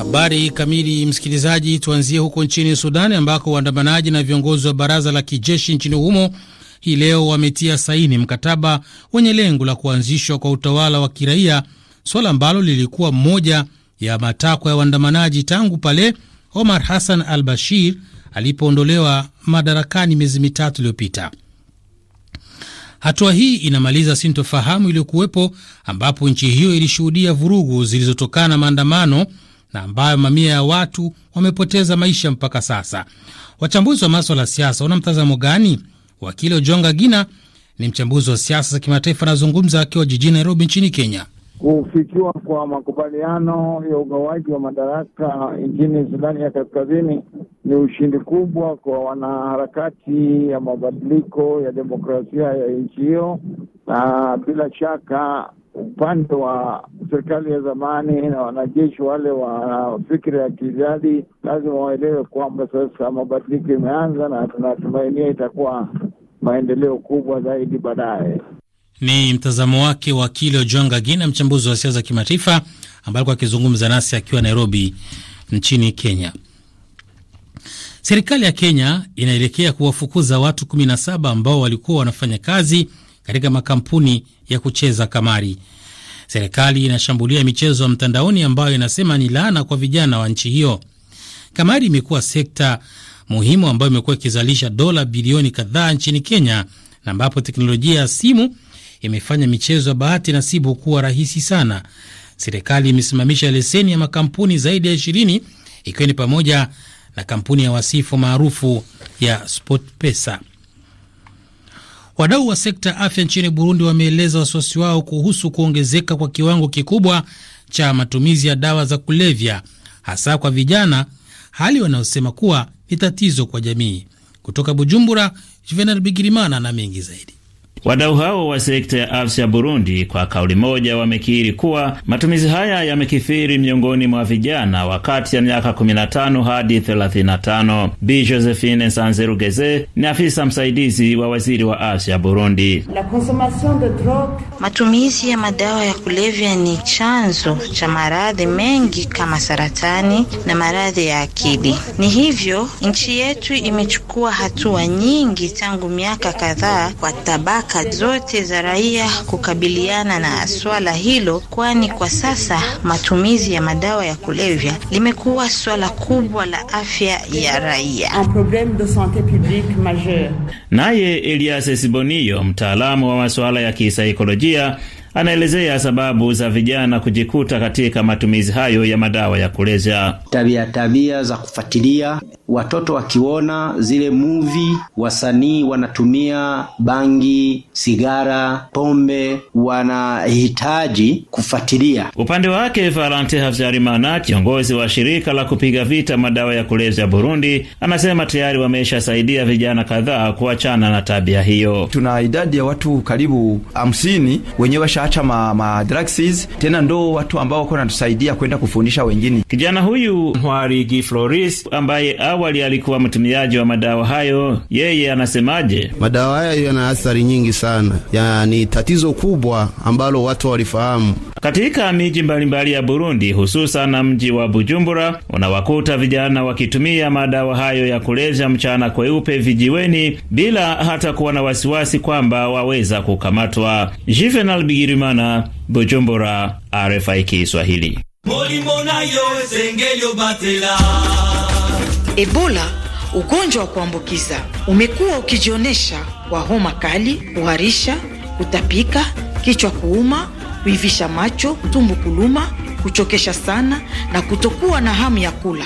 Habari kamili, msikilizaji, tuanzie huko nchini Sudani ambako waandamanaji na viongozi wa baraza la kijeshi nchini humo hii leo wametia saini mkataba wenye lengo la kuanzishwa kwa utawala wa kiraia, suala ambalo lilikuwa moja ya matakwa ya waandamanaji tangu pale Omar Hassan al Bashir alipoondolewa madarakani miezi mitatu iliyopita. Hatua hii inamaliza sintofahamu iliyokuwepo, ambapo nchi hiyo ilishuhudia vurugu zilizotokana na maandamano na ambayo mamia ya watu wamepoteza maisha mpaka sasa. Wachambuzi wa maswala ya siasa wana mtazamo gani? Wakili Ojonga Gina ni mchambuzi wa siasa za kimataifa, anazungumza akiwa jijini Nairobi nchini Kenya. Kufikiwa kwa makubaliano ya ugawaji wa madaraka nchini Sudani ya Kaskazini ni ushindi kubwa kwa wanaharakati ya mabadiliko ya demokrasia ya nchi hiyo, na bila shaka upande wa serikali ya zamani na wanajeshi wale wana fikira ya kijadi, lazima waelewe kwamba sasa mabadiliko imeanza na tunatumainia itakuwa maendeleo kubwa zaidi baadaye. Ni mtazamo wake wakili Ojuanga Gina, mchambuzi wa siasa za kimataifa, ambaye alikuwa akizungumza nasi akiwa Nairobi nchini Kenya. Serikali ya Kenya inaelekea kuwafukuza watu 17 ambao walikuwa wanafanya kazi katika makampuni ya kucheza kamari. Serikali inashambulia michezo ya mtandaoni ambayo inasema ni laana kwa vijana wa nchi hiyo. Kamari imekuwa sekta muhimu ambayo imekuwa ikizalisha dola bilioni kadhaa nchini Kenya, na ambapo teknolojia ya simu imefanya michezo ya bahati nasibu kuwa rahisi sana. Serikali imesimamisha leseni ya makampuni zaidi ya ishirini ikiwa ni pamoja na kampuni ya wasifu maarufu ya SportPesa. Wadau wa sekta afya nchini Burundi wameeleza wasiwasi wao kuhusu kuongezeka kwa kiwango kikubwa cha matumizi ya dawa za kulevya hasa kwa vijana, hali wanayosema kuwa ni tatizo kwa jamii. Kutoka Bujumbura, Juvenal Bigirimana na mengi zaidi. Wadau hao wa sekta ya afya Burundi kwa kauli moja wamekiri kuwa matumizi haya yamekithiri miongoni mwa vijana wa kati ya miaka 15 hadi 35. Bi Josephine Sanzerugeze ni afisa msaidizi wa waziri wa afya Burundi. Matumizi ya madawa ya kulevya ni chanzo cha maradhi mengi kama saratani na maradhi ya akili. Ni hivyo nchi yetu imechukua hatua nyingi tangu miaka kadhaa kwa tabaka mamlaka zote za raia kukabiliana na swala hilo, kwani kwa sasa matumizi ya madawa ya kulevya limekuwa swala kubwa la afya ya raia. Naye Elias Sibonio, mtaalamu wa masuala ya kisaikolojia anaelezea sababu za vijana kujikuta katika matumizi hayo ya madawa ya kulevya. Tabia tabia za kufuatilia watoto, wakiona zile muvi, wasanii wanatumia bangi, sigara, pombe, wanahitaji kufuatilia. Upande wake valante Havyarimana, kiongozi wa shirika la kupiga vita madawa ya kulevya Burundi, anasema tayari wameshasaidia vijana kadhaa kuachana na tabia hiyo. Tuna idadi ya watu karibu hamsini wenyewe washa tunaacha ma, ma drugs tena ndo watu ambao wako natusaidia kwenda kufundisha wengine. Kijana huyu Mwarigi Floris ambaye awali alikuwa mtumiaji wa madawa hayo, yeye anasemaje? Madawa haya yana athari nyingi sana, yani tatizo kubwa ambalo watu walifahamu. Katika miji mbalimbali ya Burundi, hususan mji wa Bujumbura, unawakuta vijana wakitumia madawa hayo ya kulevya mchana kweupe vijiweni bila hata kuwa na wasiwasi kwamba waweza kukamatwa. Juvenal Bigirimana, Bujumbura, RFI Kiswahili. Ebola, ugonjwa wa kuambukiza umekuwa ukijionyesha kwa homa kali, kuharisha, kutapika, kichwa kuuma, kuivisha macho, tumbo kuluma, kuchokesha sana na kutokuwa na hamu ya kula.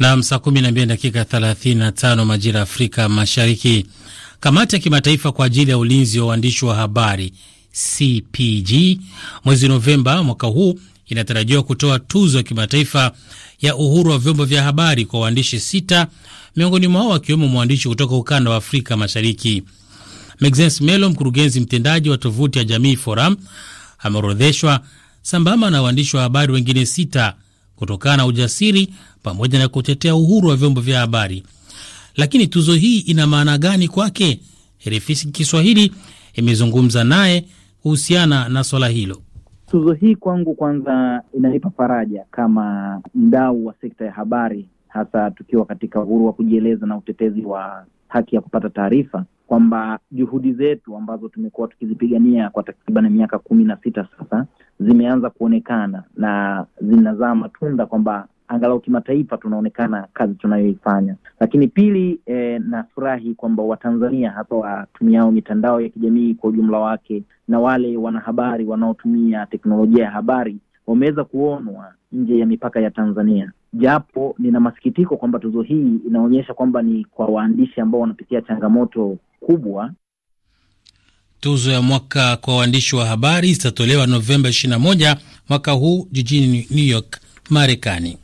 Nam, saa 12 dakika 35 majira ya Afrika Mashariki. Kamati ya kimataifa kwa ajili ya ulinzi wa waandishi wa habari CPG mwezi Novemba mwaka huu inatarajiwa kutoa tuzo ya kimataifa ya uhuru wa vyombo vya habari kwa waandishi sita, miongoni mwao akiwemo mwandishi kutoka ukanda wa Afrika Mashariki. Maxence Melo, mkurugenzi mtendaji wa tovuti ya Jamii Forum, ameorodheshwa sambamba na waandishi wa habari wengine sita kutokana na ujasiri pamoja na kutetea uhuru wa vyombo vya habari. Lakini tuzo hii ina maana gani kwake? RFI Kiswahili imezungumza naye kuhusiana na swala hilo. Tuzo hii kwangu, kwanza inanipa faraja kama mdau wa sekta ya habari, hasa tukiwa katika uhuru wa kujieleza na utetezi wa haki ya kupata taarifa, kwamba juhudi zetu ambazo tumekuwa tukizipigania kwa takriban miaka kumi na sita sasa zimeanza kuonekana na zinazaa matunda, kwamba angalau kimataifa tunaonekana kazi tunayoifanya. Lakini pili, eh, nafurahi kwamba Watanzania hasa watumiao mitandao ya kijamii kwa ujumla wake na wale wanahabari wanaotumia teknolojia ya habari wameweza kuonwa nje ya mipaka ya Tanzania, japo nina masikitiko kwamba tuzo hii inaonyesha kwamba ni kwa waandishi ambao wanapitia changamoto kubwa. Tuzo ya mwaka kwa waandishi wa habari zitatolewa Novemba 21 mwaka huu jijini New York, Marekani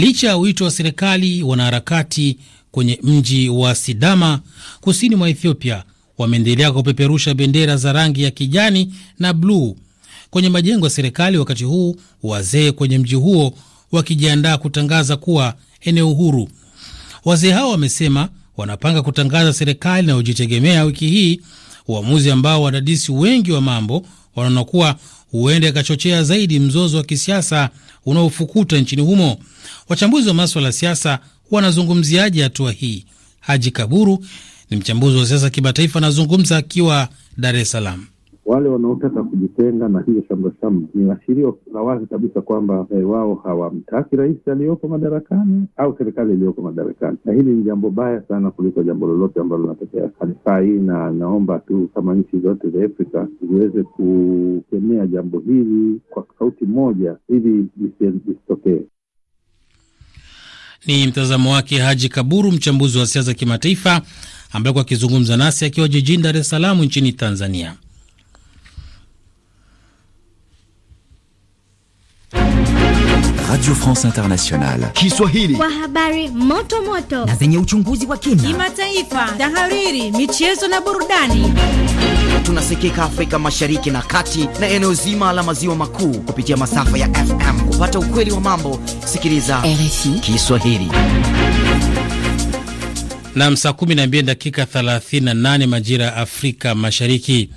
licha ya wito wa serikali, wanaharakati kwenye mji wa Sidama kusini mwa Ethiopia wameendelea kupeperusha bendera za rangi ya kijani na bluu kwenye majengo ya serikali, wakati huu wazee kwenye mji huo wakijiandaa kutangaza kuwa eneo huru. Wazee hao wamesema wanapanga kutangaza serikali inayojitegemea wiki hii, uamuzi ambao wadadisi wengi wa mambo wanaona kuwa huenda ikachochea zaidi mzozo wa kisiasa unaofukuta nchini humo. Wachambuzi wa maswala ya siasa wanazungumziaje hatua hii? Haji Kaburu ni mchambuzi wa siasa kimataifa, anazungumza akiwa Dar es Salaam. Wale wanaotaka kujitenga na hiyo shamra Sam ni ashirio la wazi kabisa kwamba eh, wao hawamtaki rais aliyopo madarakani au serikali iliyoko madarakani, na hili ni jambo baya sana kuliko jambo lolote ambalo linatokea. Halifaa hii, na naomba tu kama nchi zote za Afrika ziweze kukemea jambo hili kwa sauti moja ili lisitokee. Ni mtazamo wake Haji Kaburu, mchambuzi wa siasa kimataifa, ambaye kwa akizungumza nasi akiwa jijini Dar es Salaam nchini Tanzania. Radio France Internationale Kiswahili kwa habari moto moto na zenye uchunguzi wa kina, kimataifa, tahariri, michezo na burudani. Tunasikika Afrika Mashariki na Kati na eneo zima la maziwa makuu kupitia masafa ya FM. Kupata ukweli wa mambo, sikiliza RFI Kiswahili. Na saa 12 dakika 38 majira ya Afrika Mashariki.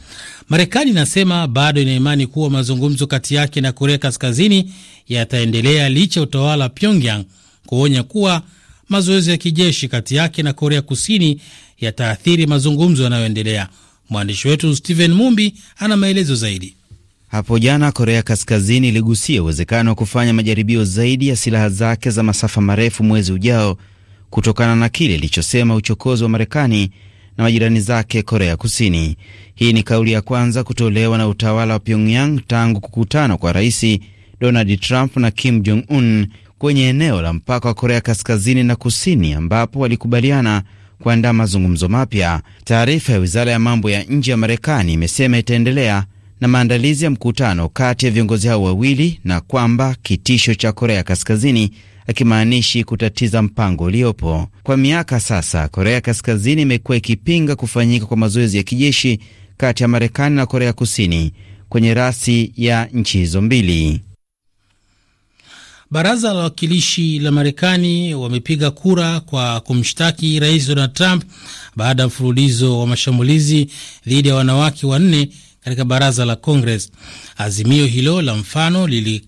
Marekani inasema bado ina imani kuwa mazungumzo kati yake na Korea Kaskazini yataendelea licha ya utawala wa Pyongyang kuonya kuwa mazoezi ya kijeshi kati yake na Korea Kusini yataathiri mazungumzo yanayoendelea. Mwandishi wetu Stephen Mumbi ana maelezo zaidi. Hapo jana Korea Kaskazini iligusia uwezekano wa kufanya majaribio zaidi ya silaha zake za masafa marefu mwezi ujao kutokana na kile ilichosema uchokozi wa Marekani na majirani zake Korea Kusini. Hii ni kauli ya kwanza kutolewa na utawala wa Pyongyang tangu kukutana kwa raisi Donald Trump na Kim Jong Un kwenye eneo la mpaka wa Korea Kaskazini na Kusini, ambapo walikubaliana kuandaa mazungumzo mapya. Taarifa ya wizara ya mambo ya nje ya Marekani imesema itaendelea na maandalizi ya mkutano kati ya viongozi hao wawili na kwamba kitisho cha Korea Kaskazini akimaanishi kutatiza mpango uliopo. Kwa miaka sasa, Korea Kaskazini imekuwa ikipinga kufanyika kwa mazoezi ya kijeshi kati ya Marekani na Korea Kusini kwenye rasi ya nchi hizo mbili. Baraza la Wawakilishi la Marekani wamepiga kura kwa kumshtaki Rais Donald Trump baada ya mfululizo wa mashambulizi dhidi ya wanawake wanne katika baraza la Congress. Azimio hilo la mfano lili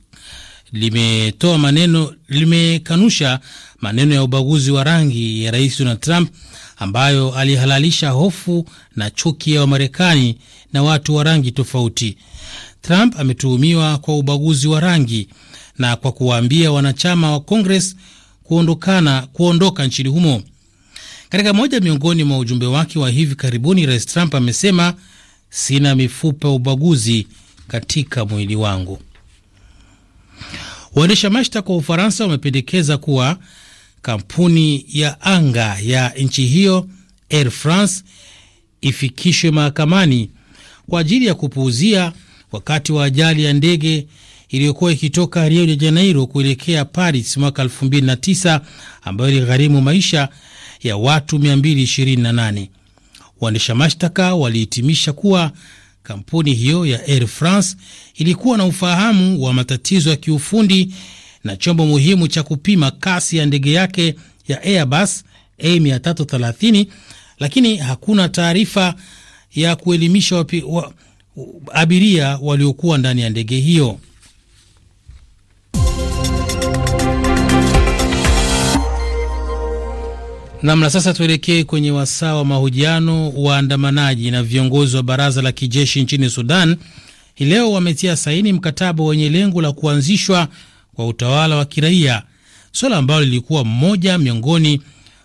limetoa maneno limekanusha maneno ya ubaguzi wa rangi ya Rais Donald Trump ambayo alihalalisha hofu na chuki ya Wamarekani na watu wa rangi tofauti. Trump ametuhumiwa kwa ubaguzi wa rangi na kwa kuwaambia wanachama wa Kongres kuondokana kuondoka nchini humo. Katika moja miongoni mwa ujumbe wake wa hivi karibuni, Rais Trump amesema sina mifupa ya ubaguzi katika mwili wangu. Waendesha mashtaka wa Ufaransa wamependekeza kuwa kampuni ya anga ya nchi hiyo Air France ifikishwe mahakamani kwa ajili ya kupuuzia wakati wa ajali ya ndege iliyokuwa ikitoka Rio de Janeiro kuelekea Paris mwaka 2009 ambayo iligharimu maisha ya watu 228. Waendesha mashtaka walihitimisha kuwa kampuni hiyo ya Air France ilikuwa na ufahamu wa matatizo ya kiufundi na chombo muhimu cha kupima kasi ya ndege yake ya Airbus A330, lakini hakuna taarifa ya kuelimisha abiria waliokuwa ndani ya ndege hiyo. Namna sasa, tuelekee kwenye wasaa wa mahojiano. Waandamanaji na viongozi wa baraza la kijeshi nchini Sudan hii leo wametia saini mkataba wenye lengo la kuanzishwa kwa utawala wa kiraia, suala ambalo lilikuwa mmoja miongoni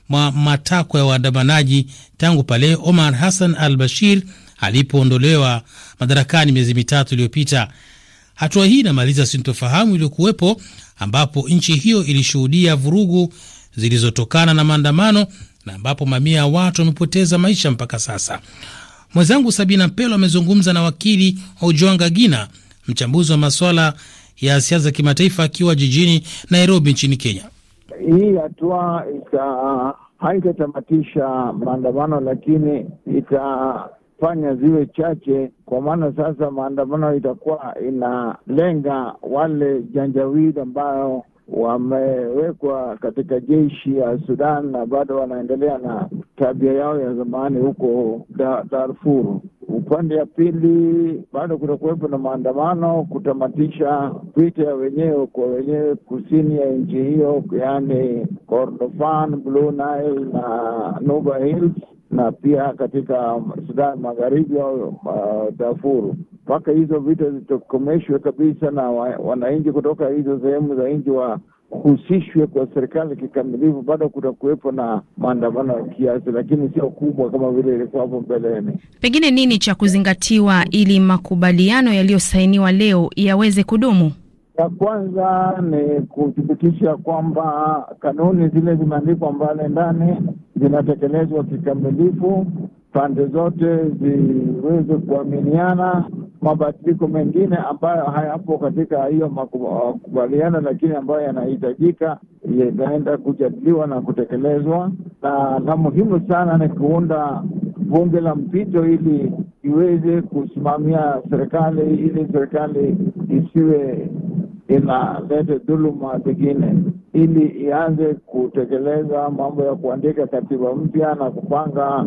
mwa matakwa ya waandamanaji tangu pale Omar Hassan al Bashir alipoondolewa madarakani miezi mitatu iliyopita. Hatua hii inamaliza sintofahamu iliyokuwepo ambapo nchi hiyo ilishuhudia vurugu zilizotokana na maandamano na ambapo mamia ya watu wamepoteza maisha mpaka sasa. Mwenzangu Sabina Pelo amezungumza na wakili Ojwanga Gina, mchambuzi wa masuala ya siasa za kimataifa, akiwa jijini Nairobi nchini Kenya. Hii hatua ita haitatamatisha maandamano, lakini itafanya ziwe chache, kwa maana sasa maandamano itakuwa inalenga wale janjawili ambayo wamewekwa katika jeshi ya Sudan na bado wanaendelea na tabia yao ya zamani huko Darfur. Upande ya pili bado kutakuwepo na maandamano kutamatisha vita ya wenyewe kwa wenyewe kusini ya nchi hiyo, yaani Kordofan, Blue Nile na Nuba Hills, na pia katika Sudan Magharibi au uh, Dafuru mpaka hizo vita zitokomeshwe kabisa na wananchi kutoka hizo sehemu za nchi wa kuhusishwe kwa serikali kikamilifu. Bado kutakuwepo na maandamano ya kiasi, lakini sio kubwa kama vile ilikuwa hapo mbeleni. Pengine nini cha kuzingatiwa ili makubaliano yaliyosainiwa leo yaweze kudumu? Ya kwanza ni kuthibitisha kwamba kanuni zile zimeandikwa mbale ndani zinatekelezwa kikamilifu, pande zote ziweze kuaminiana mabadiliko mengine ambayo hayapo katika hiyo uh, makubaliano, lakini ambayo yanahitajika yanaenda kujadiliwa na kutekelezwa, na la muhimu sana ni kuunda bunge la mpito ili iweze kusimamia serikali, ili serikali isiwe inaleta dhuluma zingine, ili ianze kutekeleza mambo ya kuandika katiba mpya na kupanga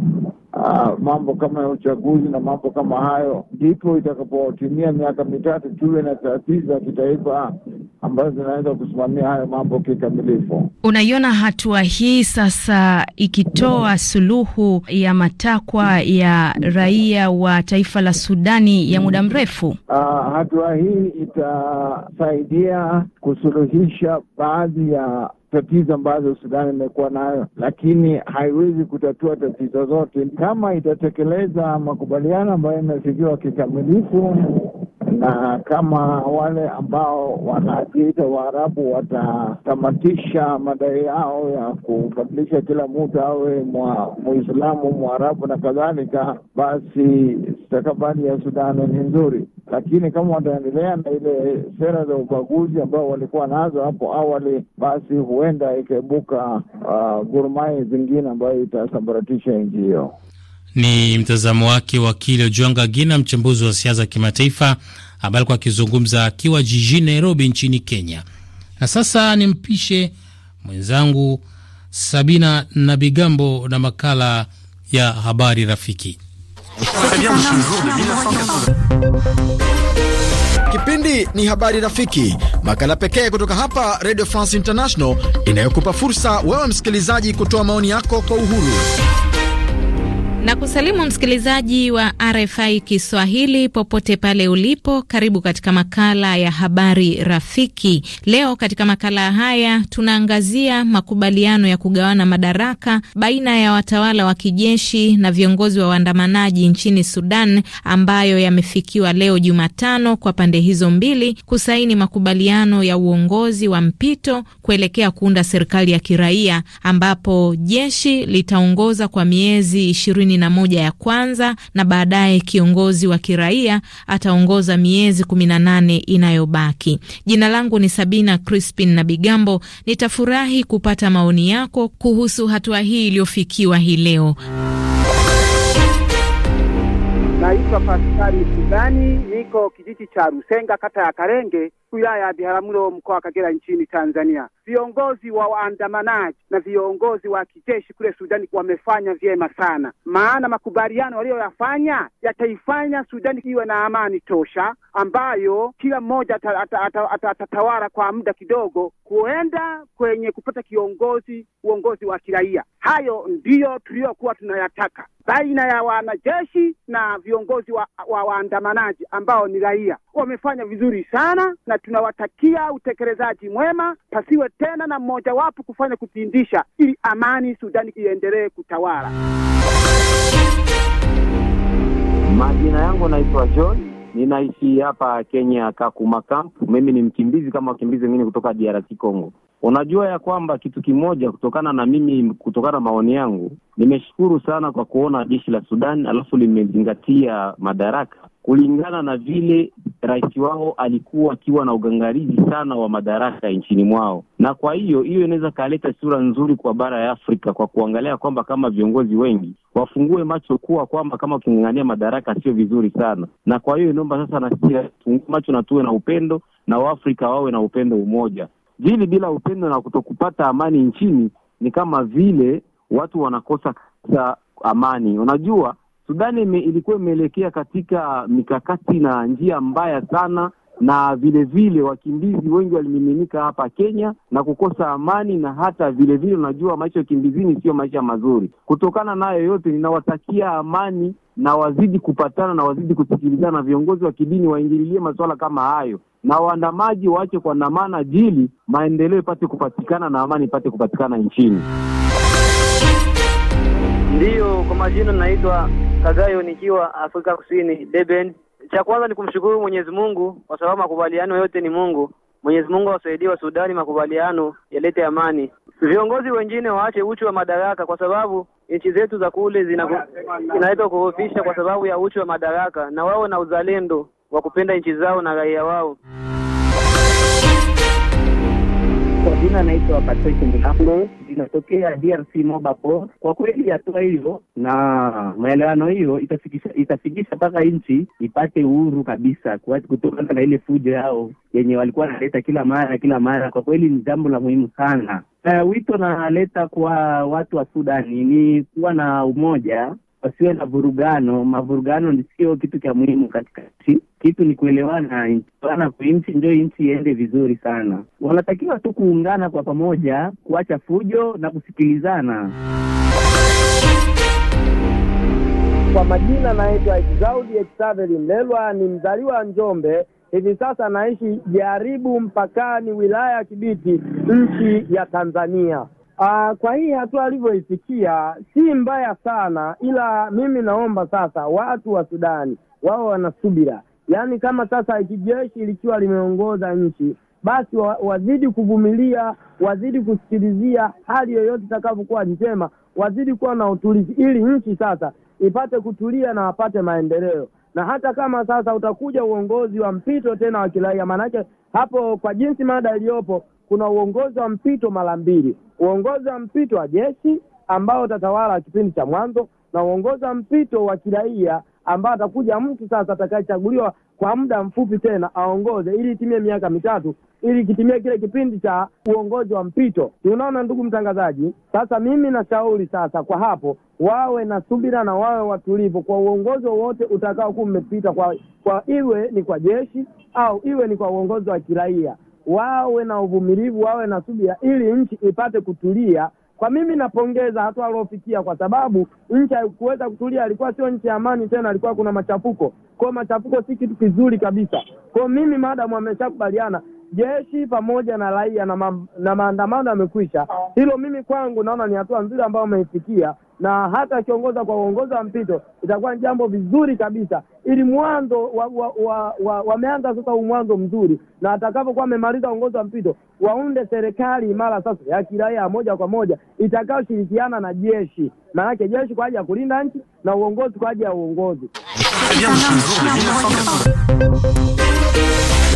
Ah, mambo kama ya uchaguzi na mambo kama hayo, ndipo itakapotimia miaka mitatu tuwe na taasisi za kitaifa ambazo zinaweza kusimamia hayo mambo kikamilifu. Unaiona hatua hii sasa ikitoa suluhu ya matakwa ya raia wa taifa la Sudani ya muda mrefu? Aa, ah, hatua hii itasaidia kusuluhisha baadhi ya tatizo ambazo Sudan imekuwa nayo, lakini haiwezi kutatua tatizo zote kama itatekeleza makubaliano ambayo imefikiwa kikamilifu na kama wale ambao wanajiita Waarabu watatamatisha madai yao ya kubadilisha kila mtu awe Muislamu, Mwarabu na kadhalika, basi stakabali ya Sudani ni nzuri, lakini kama wataendelea na ile sera za ubaguzi ambao walikuwa nazo hapo awali, basi huenda ikaibuka uh, gurumai zingine ambayo itasambaratisha nchi hiyo. Ni mtazamo wake wakili Ojwanga Gina, mchambuzi wa siasa kimataifa, ambaye alikuwa akizungumza akiwa jijini Nairobi nchini Kenya. Na sasa nimpishe mwenzangu Sabina na Bigambo na makala ya habari rafiki. Kipindi ni habari rafiki, makala pekee kutoka hapa Radio France International inayokupa fursa wewe msikilizaji kutoa maoni yako kwa uhuru na kusalimu msikilizaji wa RFI Kiswahili popote pale ulipo, karibu katika makala ya habari rafiki. Leo katika makala haya tunaangazia makubaliano ya kugawana madaraka baina ya watawala wa kijeshi na viongozi wa waandamanaji nchini Sudan ambayo yamefikiwa leo Jumatano kwa pande hizo mbili kusaini makubaliano ya uongozi wa mpito kuelekea kuunda serikali ya kiraia ambapo jeshi litaongoza kwa miezi ishirini ishirini na moja ya kwanza na baadaye kiongozi wa kiraia ataongoza miezi kumi na nane inayobaki. Jina langu ni Sabina Crispin na Bigambo. Nitafurahi kupata maoni yako kuhusu hatua hii iliyofikiwa hii leo. Naitwa Paskari Sudani, niko kijiji cha Rusenga, kata ya Karenge wilaya ya Biharamulo mkoa wa Kagera nchini Tanzania. Viongozi wa waandamanaji na viongozi wa kijeshi kule Sudani wamefanya vyema sana, maana makubaliano waliyoyafanya yataifanya Sudani iwe na amani tosha, ambayo kila mmoja atatawala kwa muda kidogo, kuenda kwenye kupata kiongozi, uongozi wa kiraia. Hayo ndiyo tuliyokuwa tunayataka baina ya wanajeshi na viongozi wa waandamanaji ambao ni raia wamefanya vizuri sana, na tunawatakia utekelezaji mwema, pasiwe tena na mmojawapo kufanya kutindisha, ili amani Sudani iendelee kutawala. Majina yangu naitwa John, ninaishi hapa Kenya, Kakuma Camp. Mimi ni mkimbizi kama wakimbizi wengine kutoka DRC Congo. Unajua ya kwamba kitu kimoja, kutokana na mimi, kutokana na maoni yangu, nimeshukuru sana kwa kuona jeshi la Sudan alafu limezingatia madaraka kulingana na vile rais wao alikuwa akiwa na ugangarizi sana wa madaraka nchini mwao, na kwa hiyo hiyo inaweza kaleta sura nzuri kwa bara ya Afrika kwa kuangalia kwamba kama viongozi wengi wafungue macho kuwa kwamba kama uking'ang'ania madaraka sio vizuri sana, na kwa hiyo inaomba sasa na sisi tufungue macho na tuwe na upendo na Waafrika wawe na upendo umoja jili. Bila upendo na kutokupata amani nchini ni kama vile watu wanakosa kabisa amani. Unajua, Sudani me, ilikuwa imeelekea katika mikakati na njia mbaya sana, na vilevile vile, wakimbizi wengi walimiminika hapa Kenya na kukosa amani, na hata vilevile unajua maisha ya ukimbizini sio maisha mazuri. Kutokana nayo yote, ninawatakia amani na wazidi kupatana na wazidi kusikilizana, na viongozi wa kidini waingililie masuala kama hayo, na waandamaji waache kuandamana jili maendeleo ipate kupatikana na amani ipate kupatikana nchini. Ndiyo, kwa majina naitwa Kagayo nikiwa Afrika Kusini, Deben. Cha kwanza ni kumshukuru Mwenyezi Mungu kwa sababu makubaliano yote ni Mungu. Mwenyezi Mungu awasaidie wa Sudani, makubaliano yalete amani. Viongozi wengine waache uchu wa madaraka, kwa sababu nchi zetu za kule zinaleta kuhofisha kwa sababu ya uchu wa madaraka, na wao na uzalendo wa kupenda nchi zao na raia wao. Majina naitwa Patrick mlambo inatokea DRC Mobapo. Kwa kweli hatua hiyo na maelewano hiyo itafikisha itafikisha mpaka nchi ipate uhuru kabisa kutokana na ile fujo yao yenye walikuwa wanaleta kila mara kila mara. Kwa kweli ni jambo la muhimu sana. Uh, wito naleta kwa watu wa Sudani ni kuwa na umoja wasiwe na vurugano. Mavurugano ni sio kitu cha muhimu katika nchi. Kitu ni kuelewana, ana nchi ndio nchi iende vizuri sana. Wanatakiwa tu kuungana kwa pamoja, kuacha fujo na kusikilizana. Kwa majina naitwa Exaudi Exaveli Mlelwa, ni mzaliwa wa Njombe. Hivi sasa naishi Jaribu mpakani, wilaya ya Kibiti, nchi ya Tanzania. Aa, ah, kwa hii hatua alivyoifikia si mbaya sana, ila mimi naomba sasa watu wa Sudani wao wanasubira, yaani kama sasa kijeshi likiwa limeongoza nchi basi wa, wazidi kuvumilia, wazidi kusikilizia hali yoyote itakavyokuwa njema, wazidi kuwa na utulivu, ili nchi sasa ipate kutulia na wapate maendeleo. Na hata kama sasa utakuja uongozi wa mpito tena wa kiraia, maanake hapo kwa jinsi mada iliyopo kuna uongozi wa mpito mara mbili, uongozi wa mpito wa jeshi ambao utatawala kipindi cha mwanzo na uongozi wa mpito wa kiraia ambao atakuja mtu sasa atakayechaguliwa kwa muda mfupi tena aongoze ili itimie miaka mitatu ili kitimie kile kipindi cha uongozi wa mpito. tunaona ndugu mtangazaji, sasa mimi nashauri sasa kwa hapo wawe na subira na wawe watulivu kwa uongozi wowote utakaokuwa umepita kwa, kwa iwe ni kwa jeshi au iwe ni kwa uongozi wa kiraia wawe na uvumilivu, wawe na subira ili nchi ipate kutulia. Kwa mimi napongeza hatua aliofikia, kwa sababu nchi haikuweza kutulia, alikuwa sio nchi ya amani tena, alikuwa kuna machafuko. kwao machafuko si kitu kizuri kabisa. kwao. mimi madamu ameshakubaliana jeshi pamoja na raia na, ma, na maandamano yamekwisha. Ah. Hilo mimi kwangu naona ni hatua nzuri ambayo umeifikia, na hata akiongoza kwa uongozi wa mpito itakuwa ni jambo vizuri kabisa, ili mwanzo wameanza wa, wa, wa, wa sasa huu mwanzo mzuri, na atakapokuwa amemaliza uongozi wa mpito waunde serikali imara sasa ya kiraia moja kwa moja itakayoshirikiana na jeshi, maanake jeshi kwa ajili ya kulinda nchi na uongozi kwa ajili ya uongozi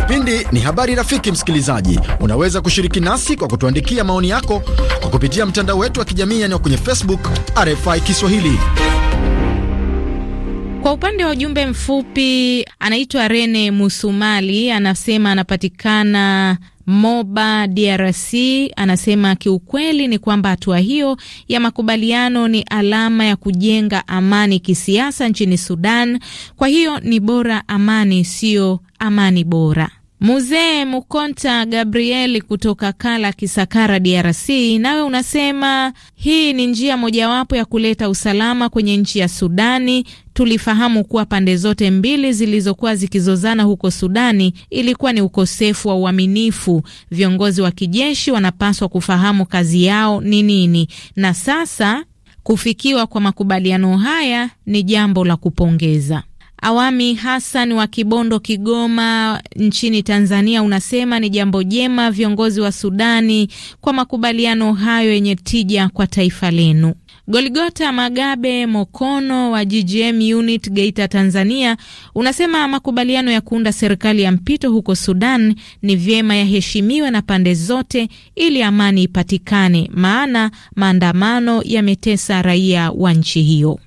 Kipindi ni habari rafiki. Msikilizaji, unaweza kushiriki nasi kwa kutuandikia maoni yako kwa kupitia mtandao wetu wa kijamii yani kwenye Facebook RFI Kiswahili. Kwa upande wa ujumbe mfupi, anaitwa Rene Musumali, anasema anapatikana Moba DRC anasema kiukweli ni kwamba hatua hiyo ya makubaliano ni alama ya kujenga amani kisiasa nchini Sudan. Kwa hiyo ni bora amani, siyo amani bora. Muzee Mukonta Gabrieli kutoka Kala Kisakara, DRC, nawe unasema hii ni njia mojawapo ya kuleta usalama kwenye nchi ya Sudani. Tulifahamu kuwa pande zote mbili zilizokuwa zikizozana huko Sudani ilikuwa ni ukosefu wa uaminifu. Viongozi wa kijeshi wanapaswa kufahamu kazi yao ni nini, na sasa kufikiwa kwa makubaliano haya ni jambo la kupongeza. Awami Hassan wa Kibondo, Kigoma nchini Tanzania, unasema ni jambo jema viongozi wa Sudani kwa makubaliano hayo yenye tija kwa taifa lenu. Goligota Magabe Mokono wa GGM unit Geita, Tanzania, unasema makubaliano ya kuunda serikali ya mpito huko Sudan ni vyema yaheshimiwe na pande zote ili amani ipatikane, maana maandamano yametesa raia wa nchi hiyo.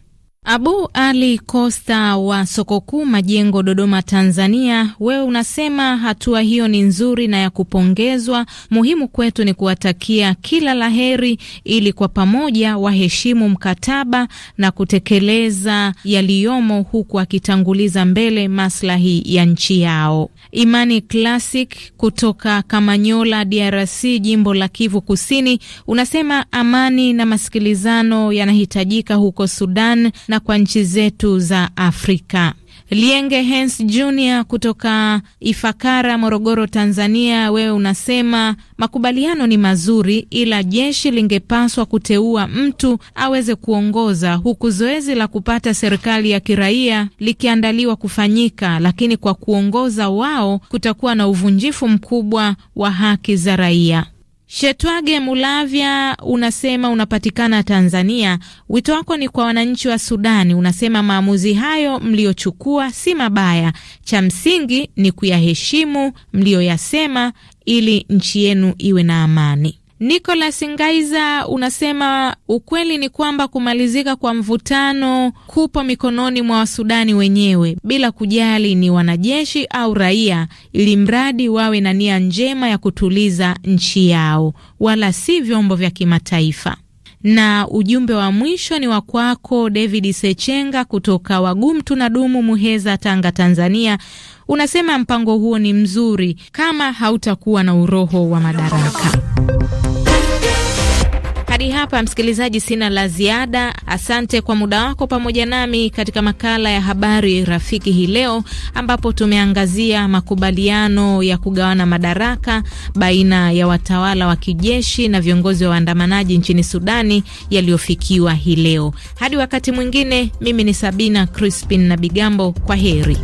Abu Ali Costa wa soko kuu Majengo, Dodoma, Tanzania, wewe unasema hatua hiyo ni nzuri na ya kupongezwa. Muhimu kwetu ni kuwatakia kila laheri, ili kwa pamoja waheshimu mkataba na kutekeleza yaliyomo, huku akitanguliza mbele maslahi ya nchi yao. Imani Classic kutoka Kamanyola, DRC, jimbo la Kivu Kusini, unasema amani na masikilizano yanahitajika huko Sudan na na kwa nchi zetu za Afrika. Lienge Hens Jr kutoka Ifakara, Morogoro, Tanzania, wewe unasema makubaliano ni mazuri, ila jeshi lingepaswa kuteua mtu aweze kuongoza, huku zoezi la kupata serikali ya kiraia likiandaliwa kufanyika, lakini kwa kuongoza wao kutakuwa na uvunjifu mkubwa wa haki za raia. Shetwage Mulavya unasema unapatikana Tanzania. Wito wako ni kwa wananchi wa Sudani. Unasema maamuzi hayo mliyochukua si mabaya, cha msingi ni kuyaheshimu mliyoyasema ili nchi yenu iwe na amani. Nicolas Ngaiza unasema ukweli ni kwamba kumalizika kwa mvutano kupo mikononi mwa Wasudani wenyewe, bila kujali ni wanajeshi au raia, ili mradi wawe na nia njema ya kutuliza nchi yao, wala si vyombo vya kimataifa. Na ujumbe wa mwisho ni wa kwako David Sechenga kutoka Wagumtu na Dumu, Muheza, Tanga, Tanzania. Unasema mpango huo ni mzuri kama hautakuwa na uroho wa madaraka. Hadi hapa msikilizaji, sina la ziada. Asante kwa muda wako pamoja nami katika makala ya habari rafiki hii leo, ambapo tumeangazia makubaliano ya kugawana madaraka baina ya watawala wa kijeshi na viongozi wa waandamanaji nchini Sudani yaliyofikiwa hii leo. Hadi wakati mwingine, mimi ni Sabina Crispin na Bigambo, kwa heri.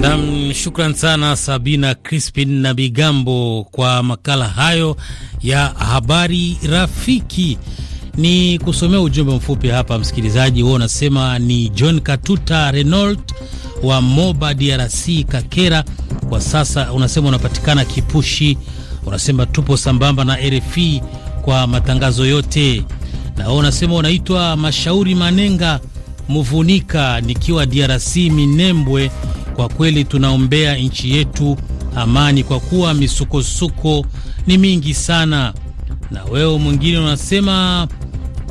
Nam, shukran sana Sabina Crispin na Bigambo kwa makala hayo ya habari rafiki. Ni kusomea ujumbe mfupi hapa, msikilizaji huo unasema ni John Katuta Renault wa Moba DRC Kakera. Kwa sasa unasema unapatikana Kipushi, unasema tupo sambamba na RFI kwa matangazo yote, na wewe unasema unaitwa Mashauri Manenga Muvunika, nikiwa DRC Minembwe kwa kweli tunaombea nchi yetu amani, kwa kuwa misukosuko ni mingi sana. Na wewe mwingine unasema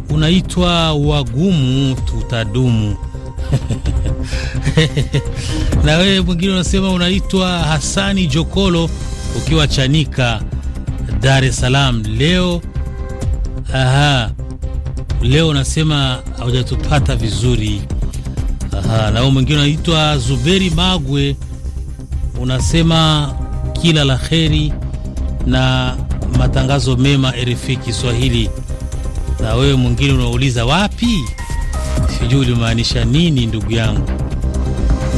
unaitwa wagumu tutadumu. na wewe mwingine unasema unaitwa Hasani Jokolo ukiwa Chanika, Dar es Salaam leo. Aha, leo unasema haujatupata vizuri. Aha, na huyo mwingine anaitwa Zuberi Magwe, unasema kila la heri na matangazo mema RFI Kiswahili. Na wewe mwingine unauliza wapi, sijui ulimaanisha nini ndugu yangu.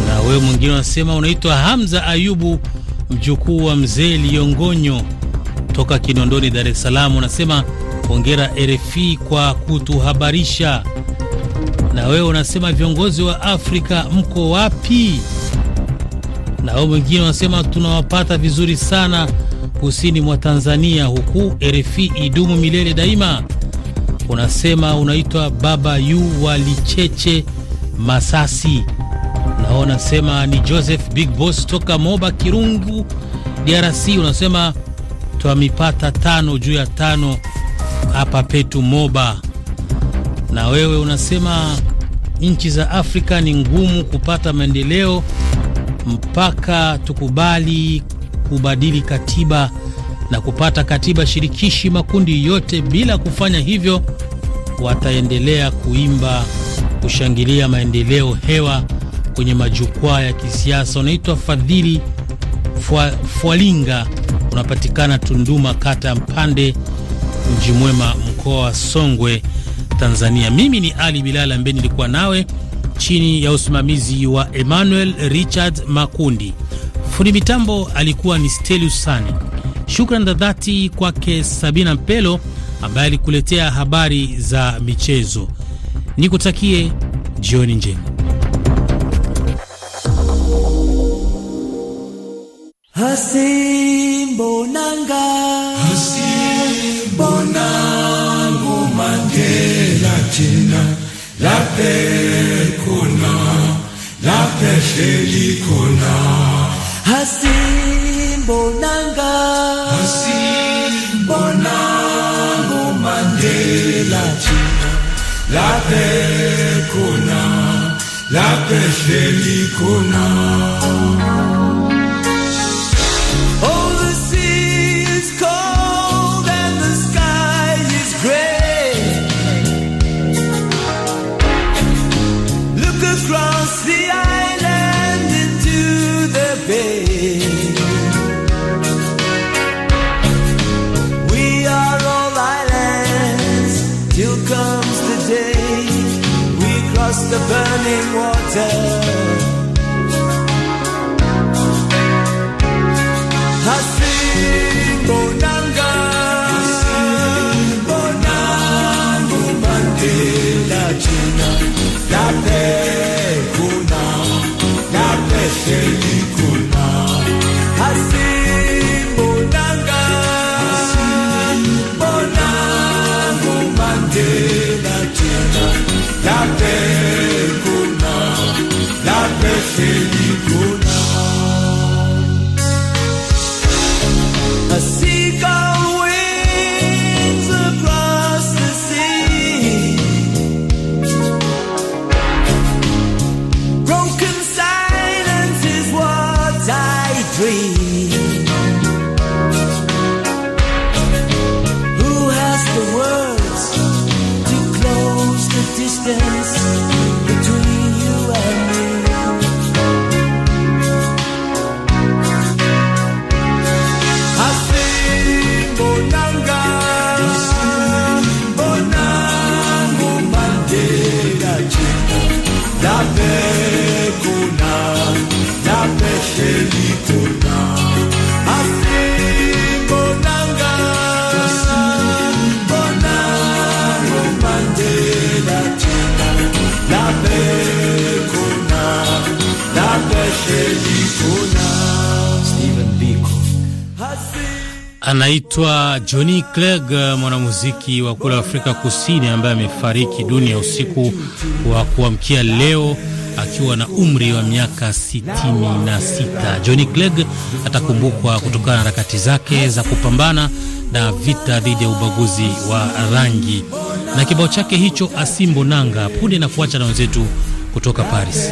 Na wewe mwingine unasema unaitwa Hamza Ayubu, mjukuu wa mzee Liongonyo toka Kinondoni, Dar es Salaam, unasema hongera RFI kwa kutuhabarisha. Na wewe unasema viongozi wa Afrika mko wapi? Na wao wengine wanasema tunawapata vizuri sana kusini mwa Tanzania, huku RFI idumu milele daima. Unasema unaitwa Baba Yu walicheche Masasi. Na unasema ni Joseph Big Boss toka Moba Kirungu, DRC. Unasema twamipata tano juu ya tano hapa petu Moba na wewe unasema nchi za Afrika ni ngumu kupata maendeleo mpaka tukubali kubadili katiba na kupata katiba shirikishi. Makundi yote bila kufanya hivyo, wataendelea kuimba, kushangilia maendeleo hewa kwenye majukwaa ya kisiasa. Unaitwa Fadhili Fwa, Fwalinga, unapatikana Tunduma, kata ya Mpande, mji mwema, mkoa wa Songwe. Tanzania. Mimi ni Ali Bilal ambaye nilikuwa nawe chini ya usimamizi wa Emmanuel Richard Makundi. Fundi mitambo alikuwa ni Stelius Sane. Shukrani za dhati kwake Sabina Mpelo ambaye alikuletea habari za michezo. Nikutakie jioni njema. Hasimbonanga, hasimbonanga. La tjena lapel khona laphehleli khona asimbonanga asimbonanga umandela tjena lapel khona laphehleli khona burning water. Clegg, mwanamuziki wa kule Afrika Kusini ambaye amefariki dunia usiku wa kuamkia leo akiwa na umri wa miaka 66. Johnny Clegg atakumbukwa kutokana na harakati zake za kupambana na vita dhidi ya ubaguzi wa rangi na kibao chake hicho Asimbonanga. Punde na kuacha na wenzetu kutoka Paris.